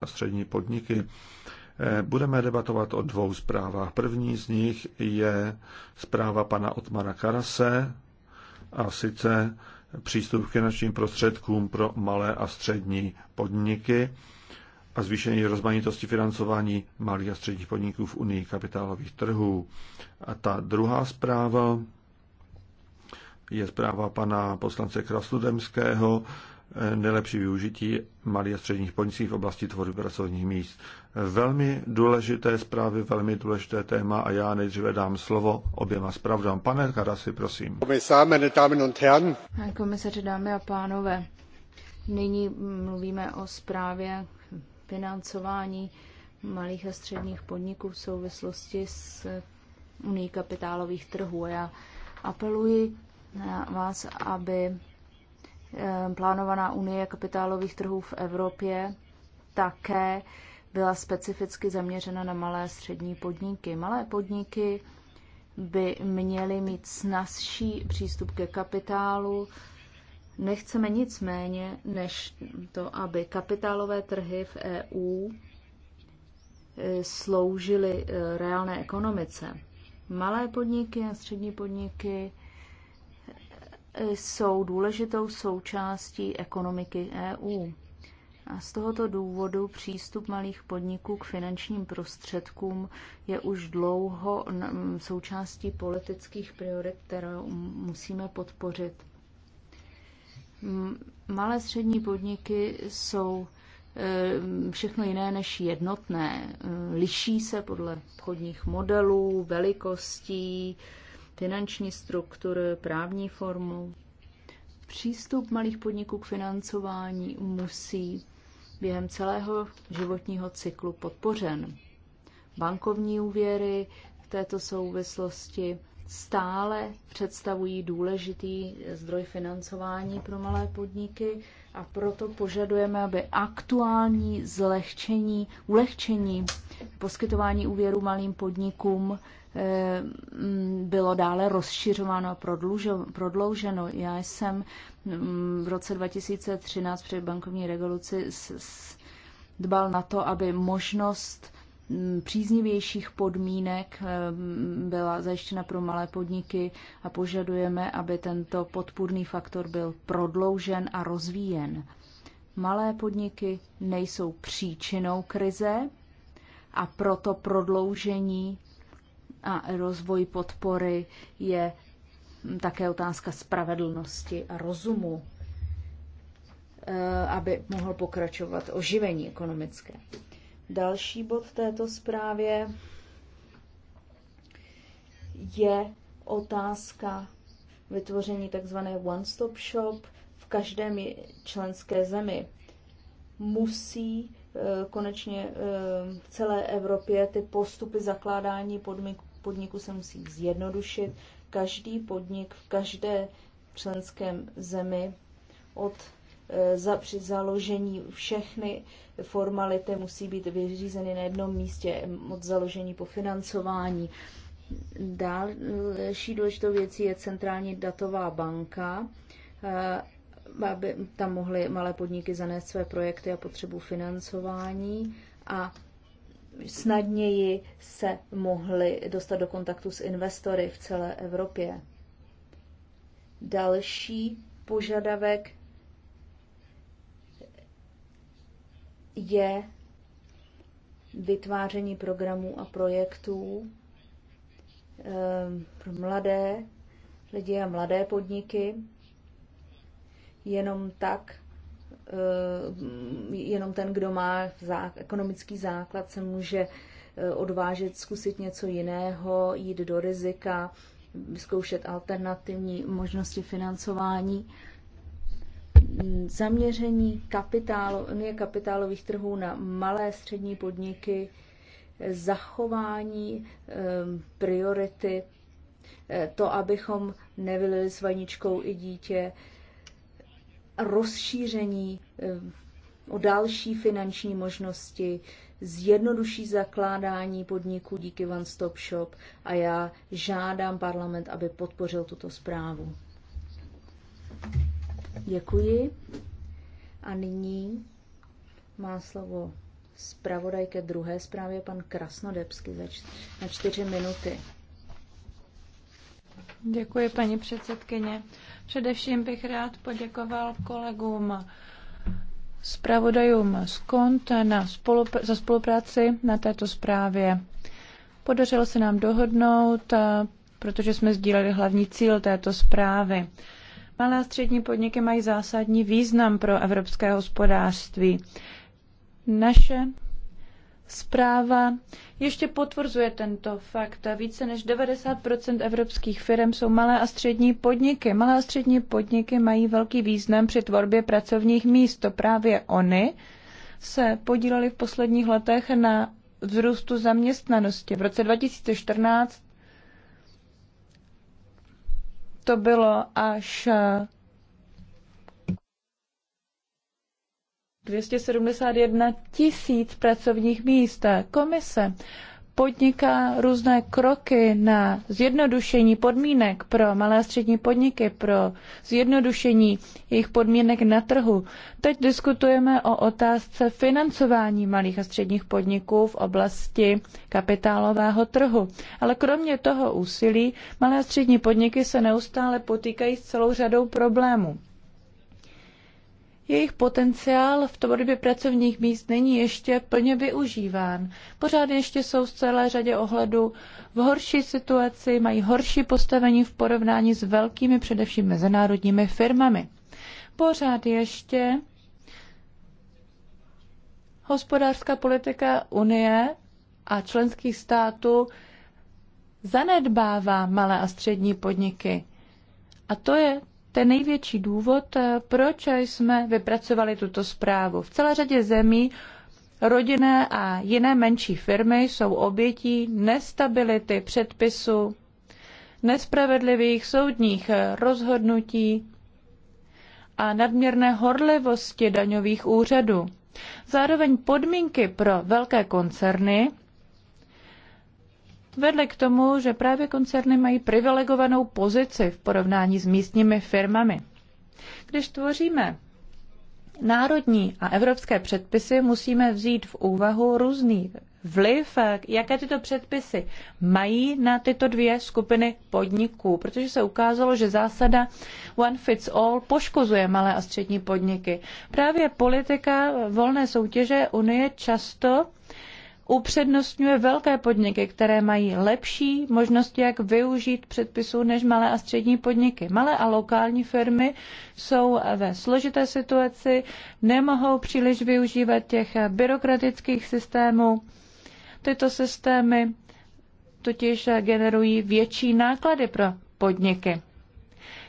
a střední podniky. Eh, budeme debatovat o dvou zprávách. První z nich je zpráva pana Otmara Karase a sice přístup k finančním prostředkům pro malé a střední podniky a zvýšení rozmanitosti financování malých a středních podniků v Unii kapitálových trhů. A ta druhá zpráva je zpráva pana poslance Krasnodemského nejlepší využití malých a středních podniků v oblasti tvorby pracovních míst. Velmi důležité zprávy, velmi důležité téma a já nejdříve dám slovo oběma zpravdám. Pane Karasi, prosím. komisaři, dámy a pánové, nyní mluvíme o zprávě financování malých a středních podniků v souvislosti s unii kapitálových trhů. Já apeluji na vás, aby Ehm, plánovaná unie kapitálových trhů v Evropě také byla specificky zaměřena na malé střední podniky. Malé podniky by měly mít snazší přístup ke kapitálu. Nechceme nic méně, než to, aby kapitálové trhy v EU e, sloužily e, reálné ekonomice. Malé podniky a střední podniky jsou důležitou součástí ekonomiky EU. A z tohoto důvodu přístup malých podniků k finančním prostředkům je už dlouho součástí politických priorit, které musíme podpořit. Malé střední podniky jsou e, všechno jiné než jednotné. E, liší se podle obchodních modelů, velikostí, finanční struktury, právní formu. Přístup malých podniků k financování musí během celého životního cyklu podpořen. Bankovní úvěry v této souvislosti stále představují důležitý zdroj financování pro malé podniky a proto požadujeme, aby aktuální zlehčení, ulehčení poskytování úvěru malým podnikům Eh, bylo dále rozšiřováno a prodlouženo. Já jsem mm, v roce 2013 před bankovní revoluci dbal na to, aby možnost mm, příznivějších podmínek eh, byla zajištěna pro malé podniky a požadujeme, aby tento podpůrný faktor byl prodloužen a rozvíjen. Malé podniky nejsou příčinou krize a proto prodloužení a rozvoj podpory je také otázka spravedlnosti a rozumu, eh, aby mohl pokračovat oživení ekonomické. Další bod v této zprávě je otázka vytvoření tzv. one-stop shop v každém členské zemi. Musí eh, konečně eh, v celé Evropě ty postupy zakládání podmínek Podniku se musí zjednodušit. Každý podnik v každé členském zemi od e, za, při založení všechny formality musí být vyřízeny na jednom místě od založení po financování. Další důležitou věcí je centrální datová banka, e, aby tam mohly malé podniky zanést své projekty a potřebu financování a snadněji se mohli dostat do kontaktu s investory v celé Evropě. Další požadavek je vytváření programů a projektů ehm, pro mladé lidi a mladé podniky. Jenom tak Eh, jenom ten, kdo má ekonomický základ, se může eh, odvážet zkusit něco jiného, jít do rizika, vyzkoušet alternativní možnosti financování. Zaměření kapitálu, unie kapitálových trhů na malé střední podniky, zachování eh, priority, to, abychom nevylili s vaničkou i dítě, rozšíření eh, o další finanční možnosti, zjednoduší zakládání podniků díky One Stop Shop a já žádám parlament, aby podpořil tuto zprávu. Děkuji. A nyní má slovo zpravodaj ke druhé zprávě pan Krasnodebsky na čtyři minuty. Děkuji, paní předsedkyně. Především bych rád poděkoval kolegům zpravodajům z KONT na spolup- za spolupráci na této zprávě. Podařilo se nám dohodnout, eh, protože jsme sdíleli hlavní cíl této zprávy. Malé a střední podniky mají zásadní význam pro evropské hospodářství. Naše zpráva ještě potvrzuje tento fakt. Více než 90 evropských firm jsou malé a střední podniky. Malé a střední podniky mají velký význam při tvorbě pracovních míst. To právě oni se podíleli v posledních letech na vzrůstu zaměstnanosti. V roce 2014 to bylo až 271 tisíc pracovních míst. Komise podniká různé kroky na zjednodušení podmínek pro malé a střední podniky, pro zjednodušení jejich podmínek na trhu. Teď diskutujeme o otázce financování malých a středních podniků v oblasti kapitálového trhu. Ale kromě toho úsilí malé a střední podniky se neustále potýkají s celou řadou problémů. Jejich potenciál v tvorbě pracovních míst není ještě plně využíván. Pořád ještě jsou v celé řadě ohledu v horší situaci, mají horší postavení v porovnání s velkými, především mezinárodními firmami. Pořád ještě hospodářská politika Unie a členských států zanedbává malé a střední podniky. A to je ten největší důvod, eh, proč jsme vypracovali tuto zprávu. V celé řadě zemí rodinné a jiné menší firmy jsou obětí nestability předpisu, nespravedlivých soudních eh, rozhodnutí a nadměrné horlivosti daňových úřadů. Zároveň podmínky pro velké koncerny vedly k tomu, že právě koncerny mají privilegovanou pozici v porovnání s místními firmami. Když tvoříme národní a evropské předpisy, musíme vzít v úvahu různý vliv, jaké tyto předpisy mají na tyto dvě skupiny podniků, protože se ukázalo, že zásada one fits all poškozuje malé a střední podniky. Právě politika volné soutěže Unie často upřednostňuje velké podniky, které mají lepší možnosti, jak využít předpisů než malé a střední podniky. Malé a lokální firmy jsou ve složité situaci, nemohou příliš využívat těch byrokratických systémů. Tyto systémy totiž generují větší náklady pro podniky.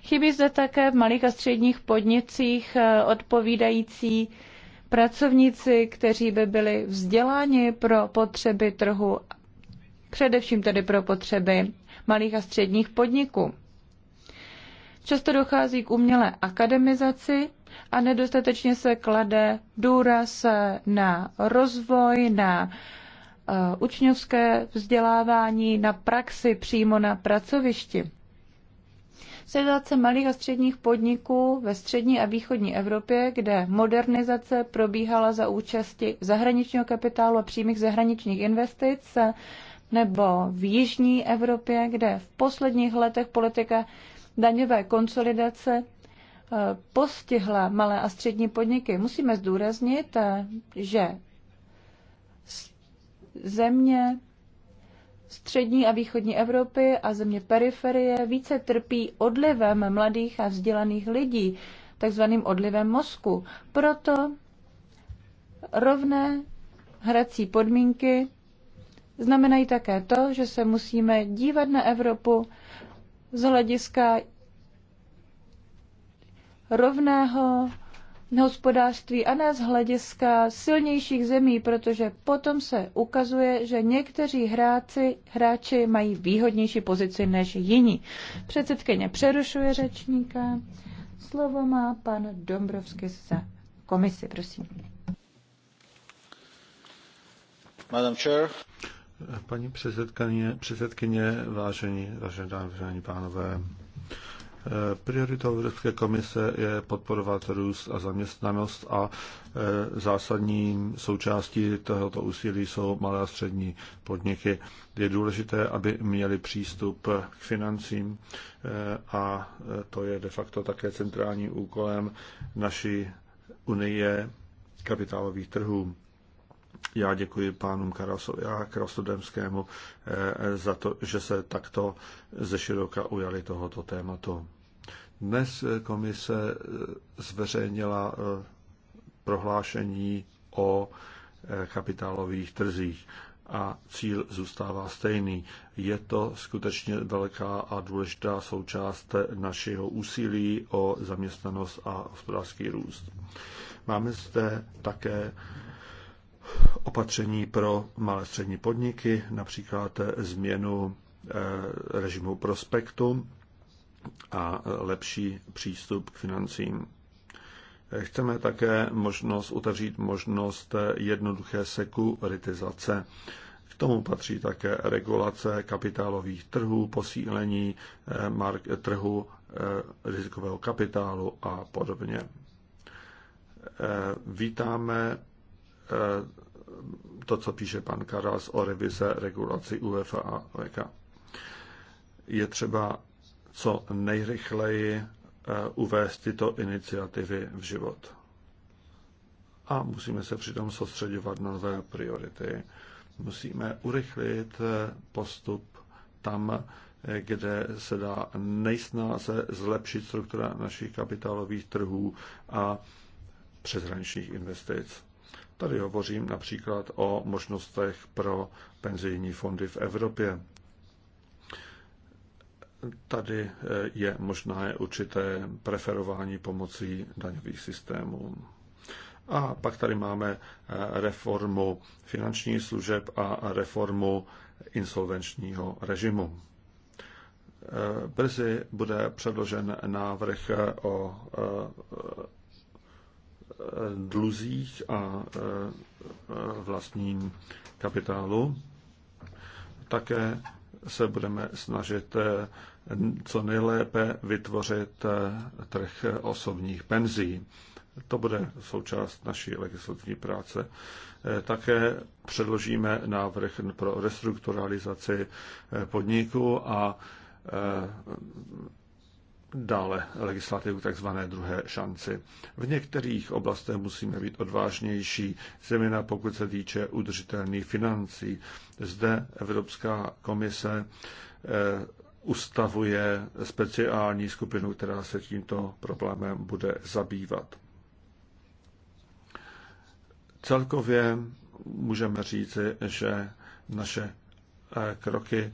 Chybí zde také v malých a středních podnicích eh, odpovídající pracovníci, kteří by byli vzděláni pro potřeby trhu, především tedy pro potřeby malých a středních podniků. Často dochází k umělé akademizaci a nedostatečně se klade důraz na rozvoj, na eh, učňovské vzdělávání, na praxi přímo na pracovišti. Situace malých a středních podniků ve střední a východní Evropě, kde modernizace probíhala za účasti zahraničního kapitálu a přímých zahraničních investic, nebo v jižní Evropě, kde v posledních letech politika daňové konsolidace eh, postihla malé a střední podniky. Musíme zdůraznit, eh, že země střední a východní Evropy a země periferie více trpí odlivem mladých a vzdělaných lidí, takzvaným odlivem mozku. Proto rovné hrací podmínky znamenají také to, že se musíme dívat na Evropu z hlediska rovného hospodářství a ne z hlediska silnějších zemí, protože potom se ukazuje, že někteří hráči, hráči mají výhodnější pozici než jiní. Předsedkyně přerušuje řečníka. Slovo má pan Dombrovský z komisi, prosím. Madam Chair. Paní předsedkyně, předsedkyně vážení, vážení dámy, vážení pánové, Eh, prioritou Evropské komise je podporovat růst a zaměstnanost a eh, zásadní součástí tohoto úsilí jsou malé a střední podniky. Je důležité, aby měli přístup k financím eh, a to je de facto také centrálním úkolem naší unie kapitálových trhů. Já děkuji pánům Karasovi a Krasodemskému za to, že se takto ze široka ujali tohoto tématu. Dnes eh, komise eh, zveřejnila eh, prohlášení o kapitálových trzích a cíl zůstává stejný. Je to skutečně velká a důležitá součást našeho úsilí o zaměstnanost a hospodářský růst. Máme zde také opatření pro malé střední podniky, například změnu režimu prospektu a lepší přístup k financím. Chceme také možnost otevřít možnost jednoduché sekuritizace. K tomu patří také regulace kapitálových trhů, posílení eh, mark- trhu eh, rizikového kapitálu a podobně. Eh, vítáme to, co píše pan Karas o revize regulaci UEFA a VK. E Je třeba co nejrychleji eh, uvést tyto iniciativy v život. A musíme se přitom soustředovat na nové priority. Musíme urychlit eh, postup tam, eh, kde se dá nejsnáze zlepšit struktura našich kapitálových trhů a přeshraničních investic. Tady hovořím například o možnostech pro penzijní fondy v Evropě tady eh, je možné určité preferování pomocí daňových systémů. A pak tady máme eh, reformu finančních služeb a reformu insolvenčního režimu. Eh, brzy bude předložen návrh o dluzích a vlastním kapitálu. Také se budeme snažit eh, co nejlépe vytvořit eh, trh osobních penzí. To bude součást naší legislativní práce. Eh, také předložíme návrh pro restrukturalizaci podniku a dále legislativu tzv. druhé šanci. V některých oblastech musíme být odvážnější, zejména pokud se týče udržitelných financí. Zde Evropská komise eh, ustavuje speciální skupinu, která se tímto problémem bude zabývat. Celkově můžeme říci, že naše eh, kroky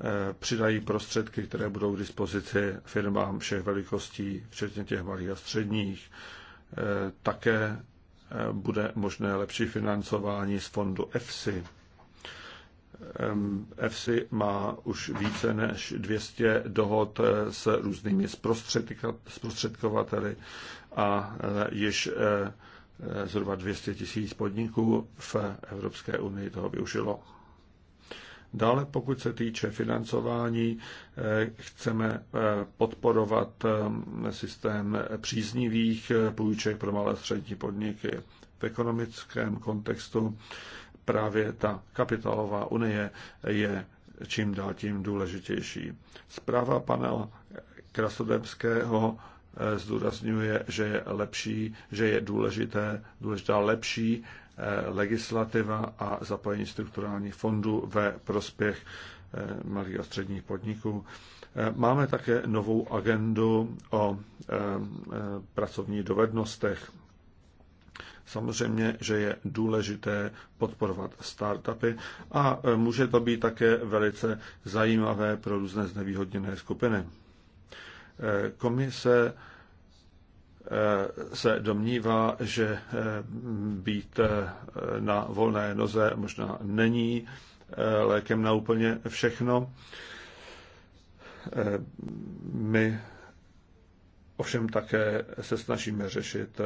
Eh, přidají prostředky, které budou k dispozici firmám všech velikostí, včetně těch malých a středních. Eh, také eh, bude možné lepší financování z fondu EFSI. EFSI má už více než 200 dohod s různými zprostředkovateli a již zhruba 200 tisíc podniků v Evropské unii toho využilo. Dále, pokud se týče financování, eh, chceme eh, podporovat eh, systém příznivých půjček pro malé a střední podniky. V ekonomickém kontextu právě ta kapitálová unie je čím dál tím důležitější. Zpráva pana Krasodemského zdůrazňuje, že je lepší, že je důležité, důležitá lepší Eh, legislativa a zapojení strukturálních fondů ve prospěch eh, malých a středních podniků. Eh, máme také novou agendu o pracovních dovednostech. Samozřejmě, že je důležité podporovat startupy a může to být také velice zajímavé pro různé znevýhodněné skupiny. Komise Eh, se domnívá, že eh, být eh, na volné noze možná není lékem na úplně všechno. My ovšem také se snažíme řešit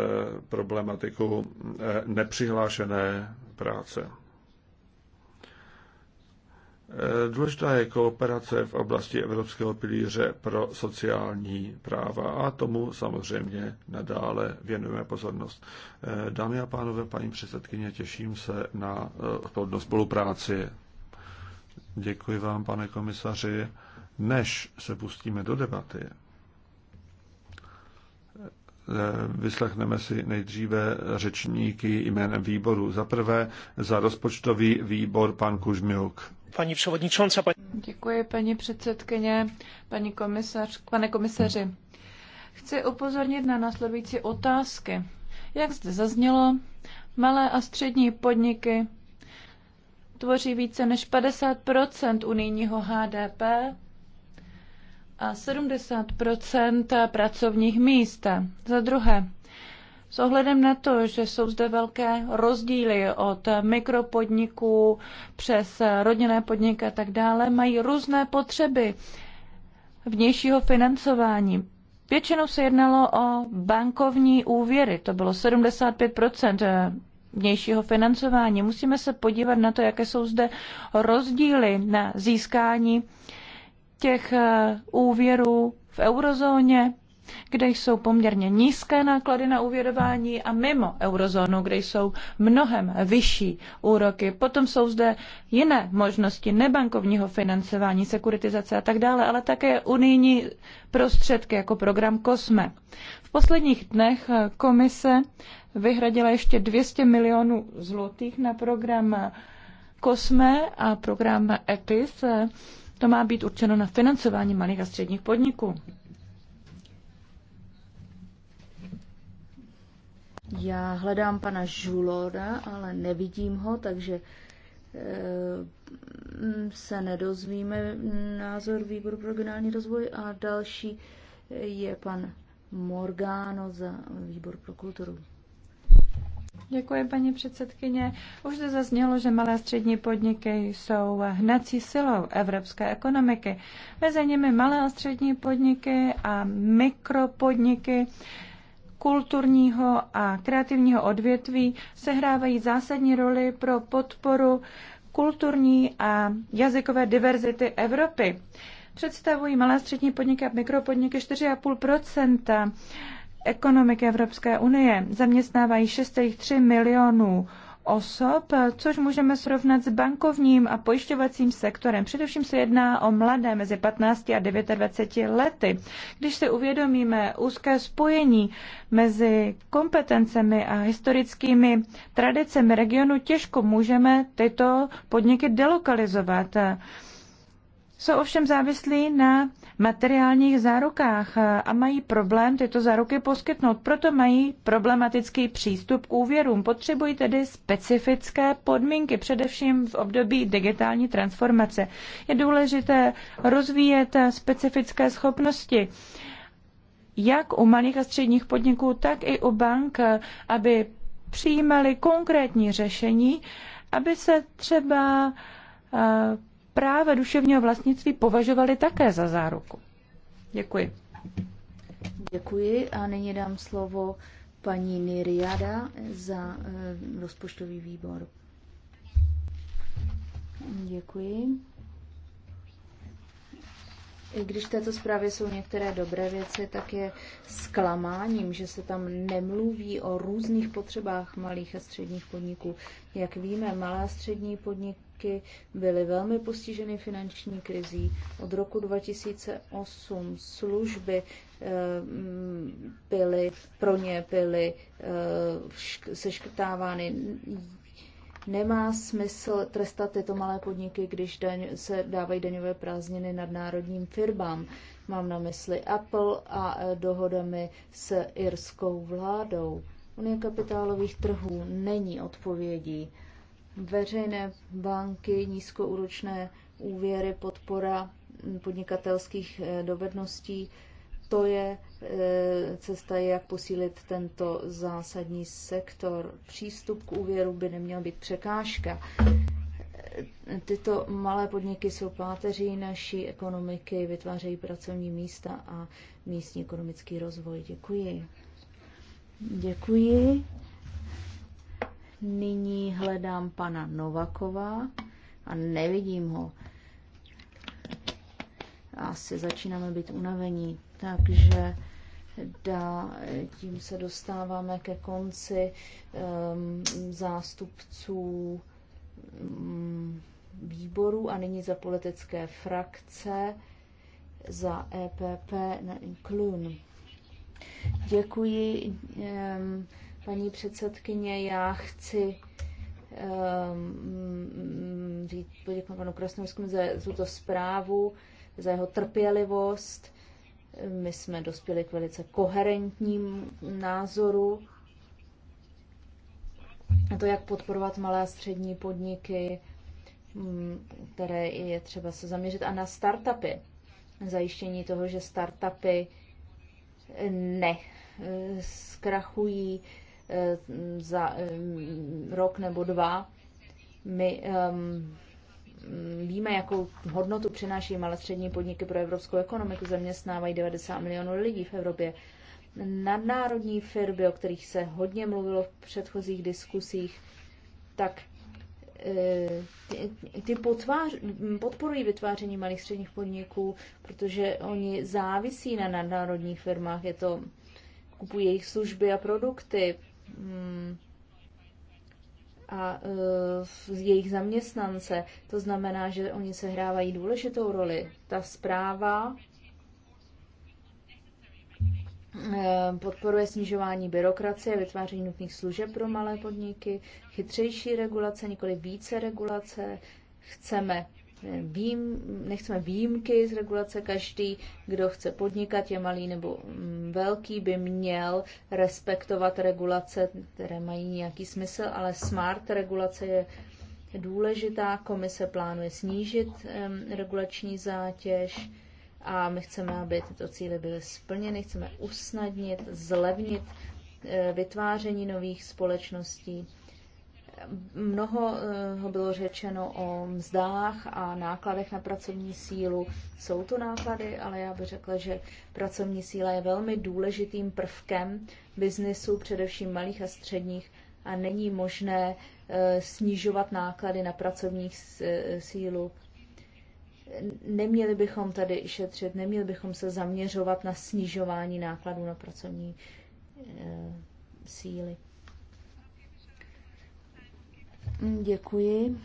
problematiku nepřihlášené práce. Důležitá je kooperace v oblasti Evropského pilíře pro sociální práva a tomu samozřejmě nadále věnujeme pozornost. Dámy a pánové, paní předsedkyně, těším se na plodnou eh, spolupráci. Děkuji vám, pane komisaři. Než se pustíme do debaty, eh, vyslechneme si nejdříve řečníky jménem výboru. Za prvé za rozpočtový výbor pan Kužmiuk paní předsedající. paní předsedkyně, paní komisař, pane komisaři. Chci upozornit na následující otázky. Jak zde zaznělo, malé a střední podniky tvoří více než 50 unijního HDP a 70 pracovních míst. Za druhé, s ohledem na to, že jsou zde velké rozdíly od mikropodniků přes rodinné podniky a tak dále, mají různé potřeby vnějšího financování. Většinou se jednalo o bankovní úvěry, to bylo 75 vnějšího financování. Musíme se podívat na to, jaké jsou zde rozdíly na získání těch úvěrů v eurozóně kde jsou poměrně nízké náklady na uvěrování a mimo eurozónu, kde jsou mnohem vyšší úroky. Potom jsou zde jiné možnosti nebankovního financování, sekuritizace a tak dále, ale také unijní prostředky jako program COSME. V posledních dnech komise vyhradila ještě 200 milionů zlotých na program COSME a program EPIS. To má být určeno na financování malých a středních podniků. Já hledám pana Žuloda, ale nevidím ho, takže eh, se nedozvíme názor výboru pro regionální rozvoj a další je pan Morgano za výbor pro kulturu. Děkuji, paní předsedkyně. Už zde zaznělo, že malé a střední podniky jsou hnací silou evropské ekonomiky. Mezi nimi malé a střední podniky a mikropodniky kulturního a kreativního odvětví sehrávají zásadní roli pro podporu kulturní a jazykové diverzity Evropy. Představují malé střední podniky a mikropodniky 4,5 ekonomiky Evropské unie. Zaměstnávají 6,3 milionů osob, eh, což můžeme srovnat s bankovním a pojišťovacím sektorem. Především se jedná o mladé mezi 15 a 29 lety. Když si uvědomíme úzké spojení mezi kompetencemi a historickými tradicemi regionu, těžko můžeme tyto podniky delokalizovat. Eh, Jsou ovšem závislí na materiálních zárukách a mají problém tyto záruky poskytnout. Proto mají problematický přístup k úvěrům. Potřebují tedy specifické podmínky, především v období digitální transformace. Je důležité rozvíjet specifické schopnosti jak u malých a středních podniků, tak i u bank, aby přijímali konkrétní řešení, aby se třeba eh, práva duševního vlastnictví považovali také za záruku. Děkuji. Děkuji a nyní dám slovo paní Niriada za eh, rozpočtový výbor. Děkuji. I když v této zprávě jsou některé dobré věci, tak je zklamáním, že se tam nemluví o různých potřebách malých a středních podniků. Jak víme, malé a střední podniky podniky byly velmi postiženy finanční krizí. Od roku 2008 služby eh, byly, pro ně byly eh, seškrtávány. Nemá smysl trestat tyto malé podniky, když daň, se dávají daňové prázdniny nadnárodním firmám. Mám na mysli Apple a eh, dohodami s irskou vládou. Unie kapitálových trhů není odpovědí veřejné banky, nízkouročné úvěry, podpora podnikatelských eh, dovedností. To je eh, cesta, jak posílit tento zásadní sektor. Přístup k úvěru by neměl být překážka. Tyto malé podniky jsou páteří naší ekonomiky, vytvářejí pracovní místa a místní ekonomický rozvoj. Děkuji. Děkuji nyní hledám pana Novakova a nevidím ho. Asi začínáme být unavení, takže da, tím se dostáváme ke konci um, zástupců um, výboru a nyní za politické frakce za EPP na Klun. Děkuji. Um, Paní předsedkyně, já chci um, poděkovat panu Krasnovskému za tuto zprávu, za jeho trpělivost. My jsme dospěli k velice koherentním názoru na to, jak podporovat malé a střední podniky, které je třeba se zaměřit, a na startupy. Zajištění toho, že startupy ne eh, zkrachují, Eh, za eh, rok nebo dva. My um, víme, jakou hodnotu přináší malé střední podniky pro evropskou ekonomiku. Zaměstnávají 90 milionů lidí v Evropě. Nadnárodní firmy, o kterých se hodně mluvilo v předchozích diskusích, tak ty, ty potvář, podporují vytváření malých středních podniků, protože oni závisí na nadnárodních firmách. Je to kupují jejich služby a produkty, a eh, z jejich zaměstnance. To znamená, že oni se hrávají důležitou roli. Ta zpráva eh, podporuje snižování byrokracie, vytváření nutných služeb pro malé podniky, chytřejší regulace, nikoli více regulace. Chceme Vím, nechceme výjimky z regulace. Každý, kdo chce podnikat, je malý nebo mm, velký, by měl respektovat regulace, které mají nějaký smysl, ale smart regulace je důležitá. Komise plánuje snížit um, regulační zátěž a my chceme, aby tyto cíle byly splněny. Chceme usnadnit, zlevnit e, vytváření nových společností Mnoho eh, bylo řečeno o mzdách a nákladech na pracovní sílu. Jsou to náklady, ale já bych řekla, že pracovní síla je velmi důležitým prvkem biznesu, především malých a středních, a není možné eh, snižovat náklady na pracovní eh, sílu. Neměli bychom tady šetřit, neměli bychom se zaměřovat na snižování nákladů na pracovní síly. Mm, děkuji.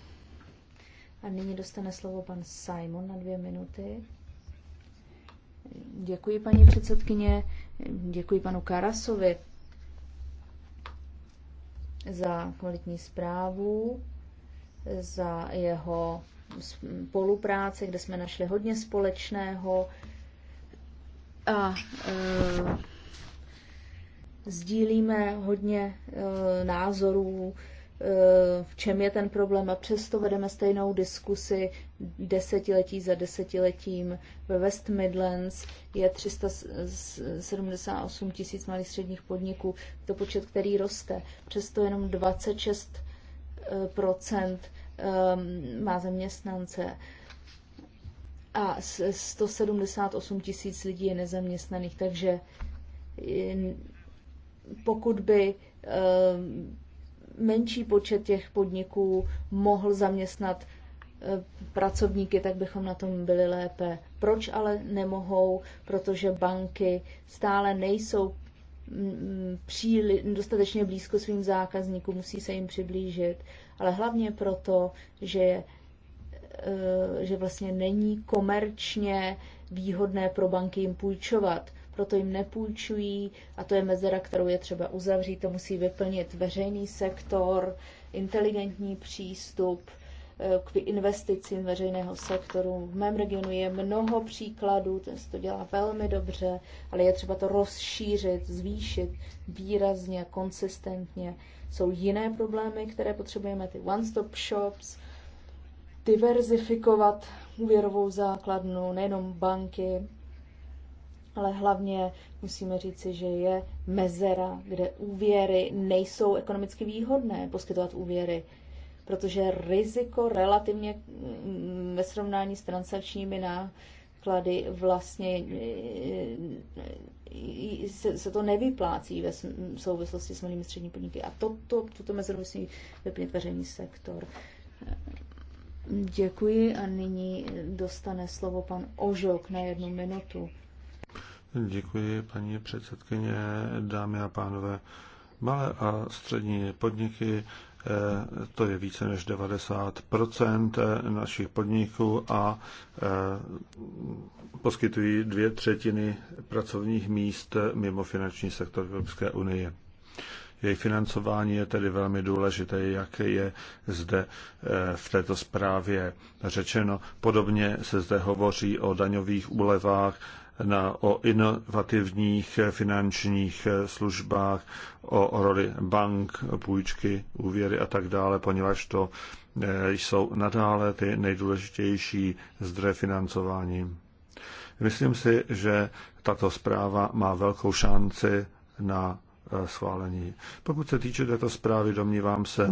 A nyní dostane slovo pan Simon na dvě minuty. Děkuji, paní předsedkyně. Děkuji panu Karasovi za kvalitní zprávu, za jeho spolupráci, kde jsme našli hodně společného. A e, sdílíme hodně e, názorů, v čem je ten problém a přesto vedeme stejnou diskusi desetiletí za desetiletím. Ve West Midlands je 378 tisíc malých středních podniků, to počet, který roste. Přesto jenom 26 eh, ehm, má zaměstnance a 178 tisíc lidí je nezaměstnaných, takže eh, pokud by ehm, menší počet těch podniků mohl zaměstnat eh, pracovníky, tak bychom na tom byli lépe. Proč ale nemohou? Protože banky stále nejsou mm, příli, dostatečně blízko svým zákazníkům, musí se jim přiblížit, ale hlavně proto, že, eh, že vlastně není komerčně výhodné pro banky jim půjčovat proto jim nepůjčují a to je mezera, kterou je třeba uzavřít. To musí vyplnit veřejný sektor, inteligentní přístup eh, k investicím veřejného sektoru. V mém regionu je mnoho příkladů, ten se to dělá velmi dobře, ale je třeba to rozšířit, zvýšit výrazně, konsistentně. Jsou jiné problémy, které potřebujeme, ty one-stop shops, diverzifikovat úvěrovou základnu, nejenom banky, ale hlavně musíme říci, že je mezera, kde úvěry nejsou ekonomicky výhodné poskytovat úvěry, protože riziko relativně mm, ve srovnání s transakčními náklady vlastně mm, se, to nevyplácí ve souvislosti s malými střední podniky. A to, to, tuto mezeru musí vyplnit veřejný sektor. Děkuji a nyní dostane slovo pan Ožok na jednu minutu. Děkuji, paní předsedkyně, dámy a pánové. Malé a střední podniky, eh, to je více než 90 eh, našich podniků a eh, poskytují dvě třetiny pracovních míst mimo finanční sektor Evropské unie. Jejich financování je tedy velmi důležité, jak je zde v této zprávě řečeno. Podobně se zde hovoří o daňových úlevách, na, o inovativních finančních službách, o roli bank, půjčky, úvěry a tak dále, poněvadž to e, jsou nadále ty nejdůležitější zdroje financování. Myslím si, že tato zpráva má velkou šanci na e, schválení. Pokud se týče této zprávy, domnívám se,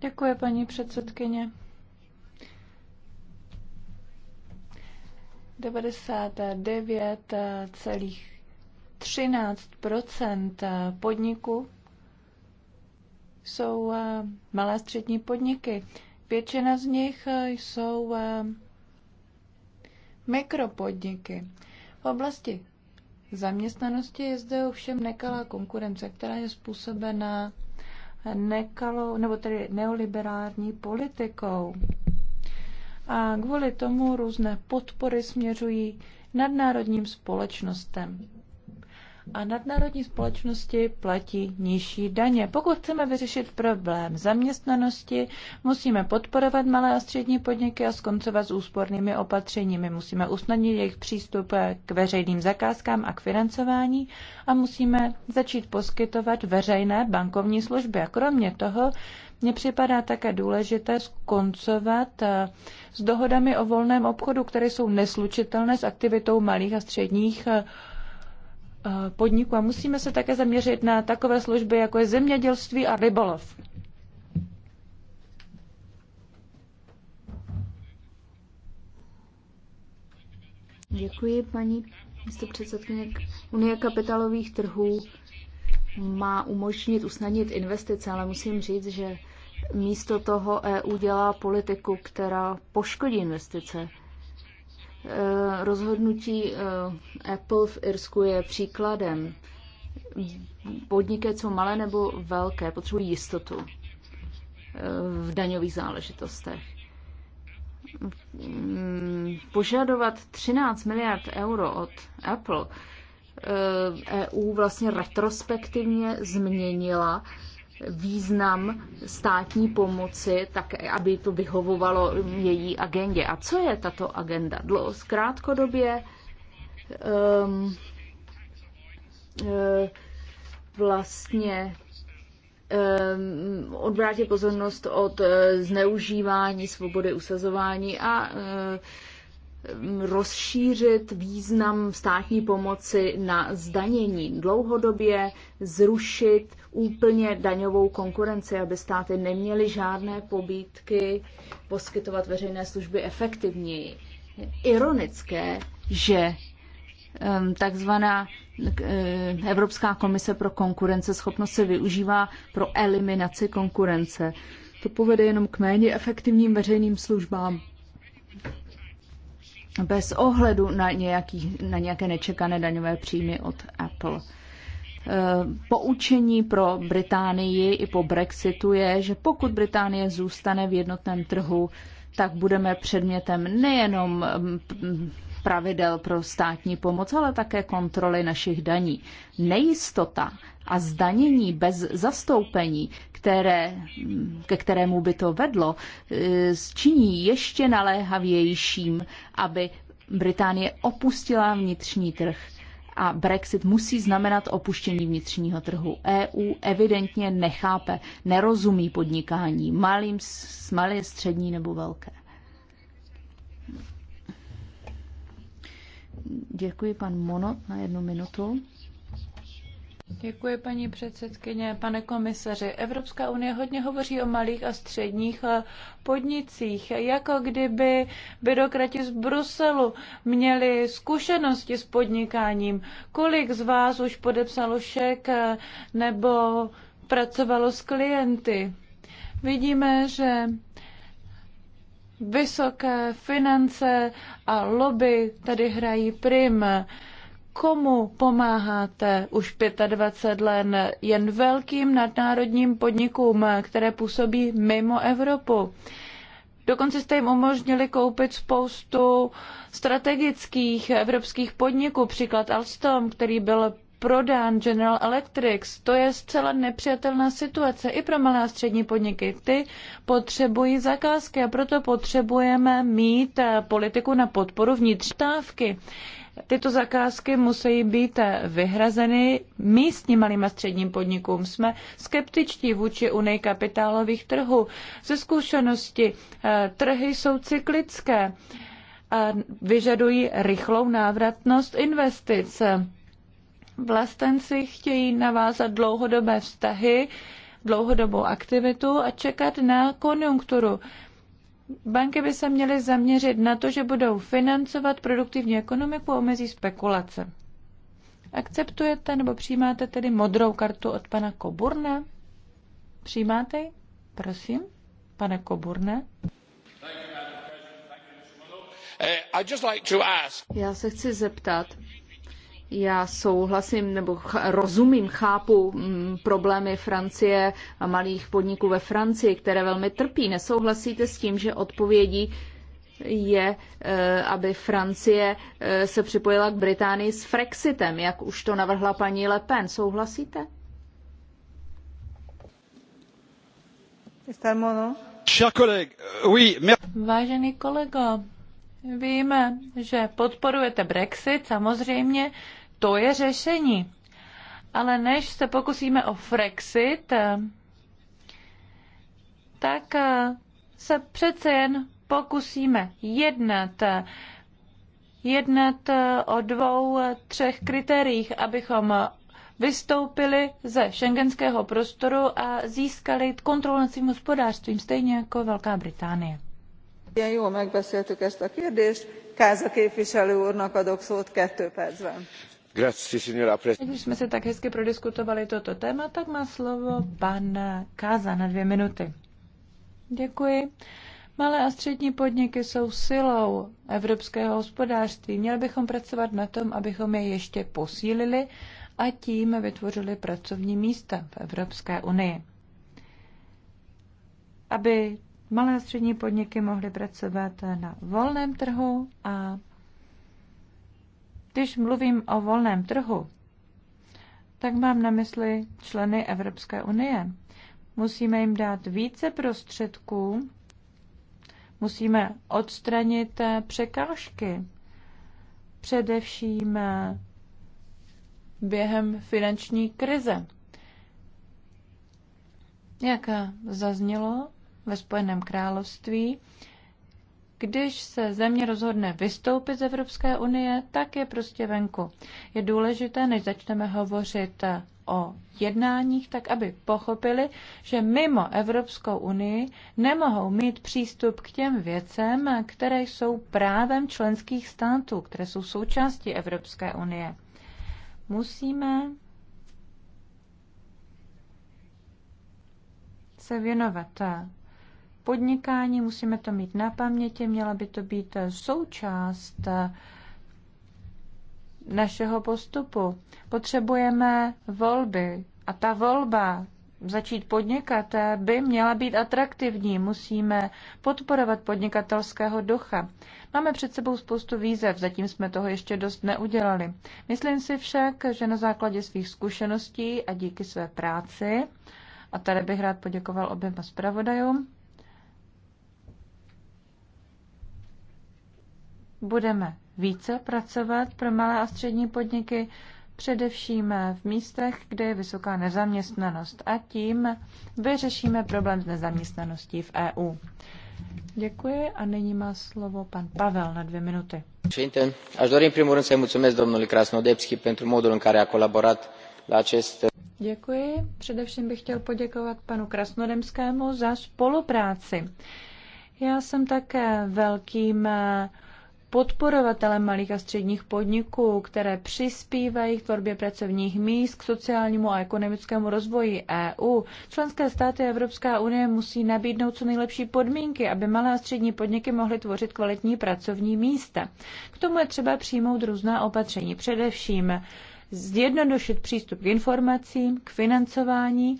Děkuji, paní předsedkyně. 99,13 podniků jsou eh, malé střední podniky. Většina z nich eh, jsou eh, mikropodniky. V oblasti zaměstnanosti je zde ovšem nekalá konkurence, která je způsobena nekalou, nebo tedy neoliberální politikou. A kvůli tomu různé podpory směřují nadnárodním společnostem a nadnárodní společnosti platí nižší daně. Pokud chceme vyřešit problém zaměstnanosti, musíme podporovat malé a střední podniky a skoncovat s úspornými opatřeními. Musíme usnadnit jejich přístup k veřejným zakázkám a k financování a musíme začít poskytovat veřejné bankovní služby. A kromě toho mně připadá také důležité skoncovat eh, s dohodami o volném obchodu, které jsou neslučitelné s aktivitou malých a středních eh, Eh, podniku a musíme se také zaměřit na takové služby, jako je zemědělství a rybolov. Děkuji, paní místo předsedkyně. Unie kapitálových trhů má umožnit, usnadnit investice, ale musím říct, že místo toho EU dělá politiku, která poškodí investice. Eh, rozhodnutí eh, Apple v Irsku je příkladem. Podniky, co malé nebo velké, potřebují jistotu eh, v daňových záležitostech. Mm, požadovat 13 miliard euro od Apple EU e vlastně retrospektivně změnila význam státní pomoci, tak aby to vyhovovalo její agendě. A co je tato agenda? Dlo, z krátkodobě um, vlastně um, pozornost od eh, zneužívání svobody usazování a ehm, rozšířit význam státní pomoci na zdanění, dlouhodobě zrušit úplně daňovou konkurenci, aby státy neměly žádné pobídky poskytovat veřejné služby efektivněji. Ironické, že takzvaná eh, Evropská komise pro konkurenceschopnost se využívá pro eliminaci konkurence. To povede jenom k méně efektivním veřejným službám bez ohledu na, nějaký, na nějaké nečekané daňové příjmy od Apple. Eh, poučení pro Británii i po Brexitu je, že pokud Británie zůstane v jednotném trhu, tak budeme předmětem nejenom mm, pravidel pro státní pomoc, ale také kontroly našich daní. Nejistota a zdanění bez zastoupení, které, ke kterému by to vedlo, eh, činí ještě naléhavějším, aby Británie opustila vnitřní trh a Brexit musí znamenat opuštění vnitřního trhu. EU evidentně nechápe, nerozumí podnikání, malým, malé, střední nebo velké. Děkuji, pan Monot, na jednu minutu. Děkuji, paní předsedkyně. Pane komisaři, Evropská unie hodně hovoří o malých a středních eh, podnicích, jako kdyby byrokrati z Bruselu měli zkušenosti s podnikáním. Kolik z vás už podepsalo šek eh, nebo pracovalo s klienty? Vidíme, že vysoké finance a lobby tady hrají prim komu pomáháte už 25 let jen velkým nadnárodním podnikům, které působí mimo Evropu. Dokonce jste jim umožnili koupit spoustu strategických evropských podniků, příklad Alstom, který byl prodán General Electric. To je zcela nepřijatelná situace i pro malé a střední podniky. Ty potřebují zakázky a proto potřebujeme mít politiku na podporu vnitřní stávky. Tyto zakázky musí být vyhrazeny místním malým a středním podnikům. Jsme skeptičtí vůči unii kapitálových trhů. Ze zkušenosti eh, trhy jsou cyklické a vyžadují rychlou návratnost investic. Vlastenci chtějí navázat dlouhodobé vztahy, dlouhodobou aktivitu a čekat na konjunkturu. Banky by se měly zaměřit na to, že budou financovat produktivní ekonomiku a omezí spekulace. Akceptujete nebo přijímáte tedy modrou kartu od pana Koburna? Přijímáte ji? Prosím, pane Koburne. Eh, Já se chci zeptat, já souhlasím nebo ch- rozumím, chápu m, mm, problémy Francie a malých podniků ve Francii, které velmi trpí. Nesouhlasíte s tím, že odpovědí je, e, aby Francie e, se připojila k Británii s Frexitem, jak už to navrhla paní Le Pen. Souhlasíte? Euh, Vážený kolego, Víme, že podporujete Brexit samozřejmě, to je řešení. Ale než se pokusíme o Frexit, tak se přece jen pokusíme jednat jednat o dvou, třech kritériích, abychom vystoupili ze šengenského prostoru a získali kontrolu nad svým hospodářstvím, stejně jako Velká Británie. Já jo, když jsme se tak hezky prodiskutovali toto téma, tak má slovo pan Káza na dvě minuty. Děkuji. Malé a střední podniky jsou silou evropského hospodářství. Měli bychom pracovat na tom, abychom je ještě posílili a tím vytvořili pracovní místa v Evropské unii. Aby malé a střední podniky mohly pracovat na volném trhu a když mluvím o volném trhu, tak mám na mysli členy Evropské unie. Musíme jim dát více prostředků, musíme odstranit eh, překážky, především eh, během finanční krize. Jak eh, zaznělo ve Spojeném království, když se země rozhodne vystoupit z Evropské unie, tak je prostě venku. Je důležité, než začneme hovořit o jednáních, tak aby pochopili, že mimo Evropskou unii nemohou mít přístup k těm věcem, které jsou právem členských států, které jsou součástí Evropské unie. Musíme se věnovat podnikání, musíme to mít na paměti, měla by to být součást našeho postupu. Potřebujeme volby a ta volba začít podnikat by měla být atraktivní. Musíme podporovat podnikatelského ducha. Máme před sebou spoustu výzev, zatím jsme toho ještě dost neudělali. Myslím si však, že na základě svých zkušeností a díky své práci, a tady bych rád poděkoval oběma zpravodajům, budeme více pracovat pro malé a střední podniky, především v místech, kde je vysoká nezaměstnanost a tím vyřešíme problém s nezaměstnaností v EU. Děkuji a nyní má slovo pan Pavel na dvě minuty. Aș dori în primul rând să-i mulțumesc domnului Krasnodebski pentru modul în care a colaborat la acest... Děkuji. Především bych chtěl poděkovat panu Krasnodemskému za spolupráci. Já jsem také velkým eh, podporovatelem malých a středních podniků, které přispívají k tvorbě pracovních míst, k sociálnímu a ekonomickému rozvoji EU. Členské státy Evropská unie musí nabídnout co nejlepší podmínky, aby malé a střední podniky mohly tvořit kvalitní pracovní místa. K tomu je třeba přijmout různá opatření, především zjednodušit přístup k informacím, k financování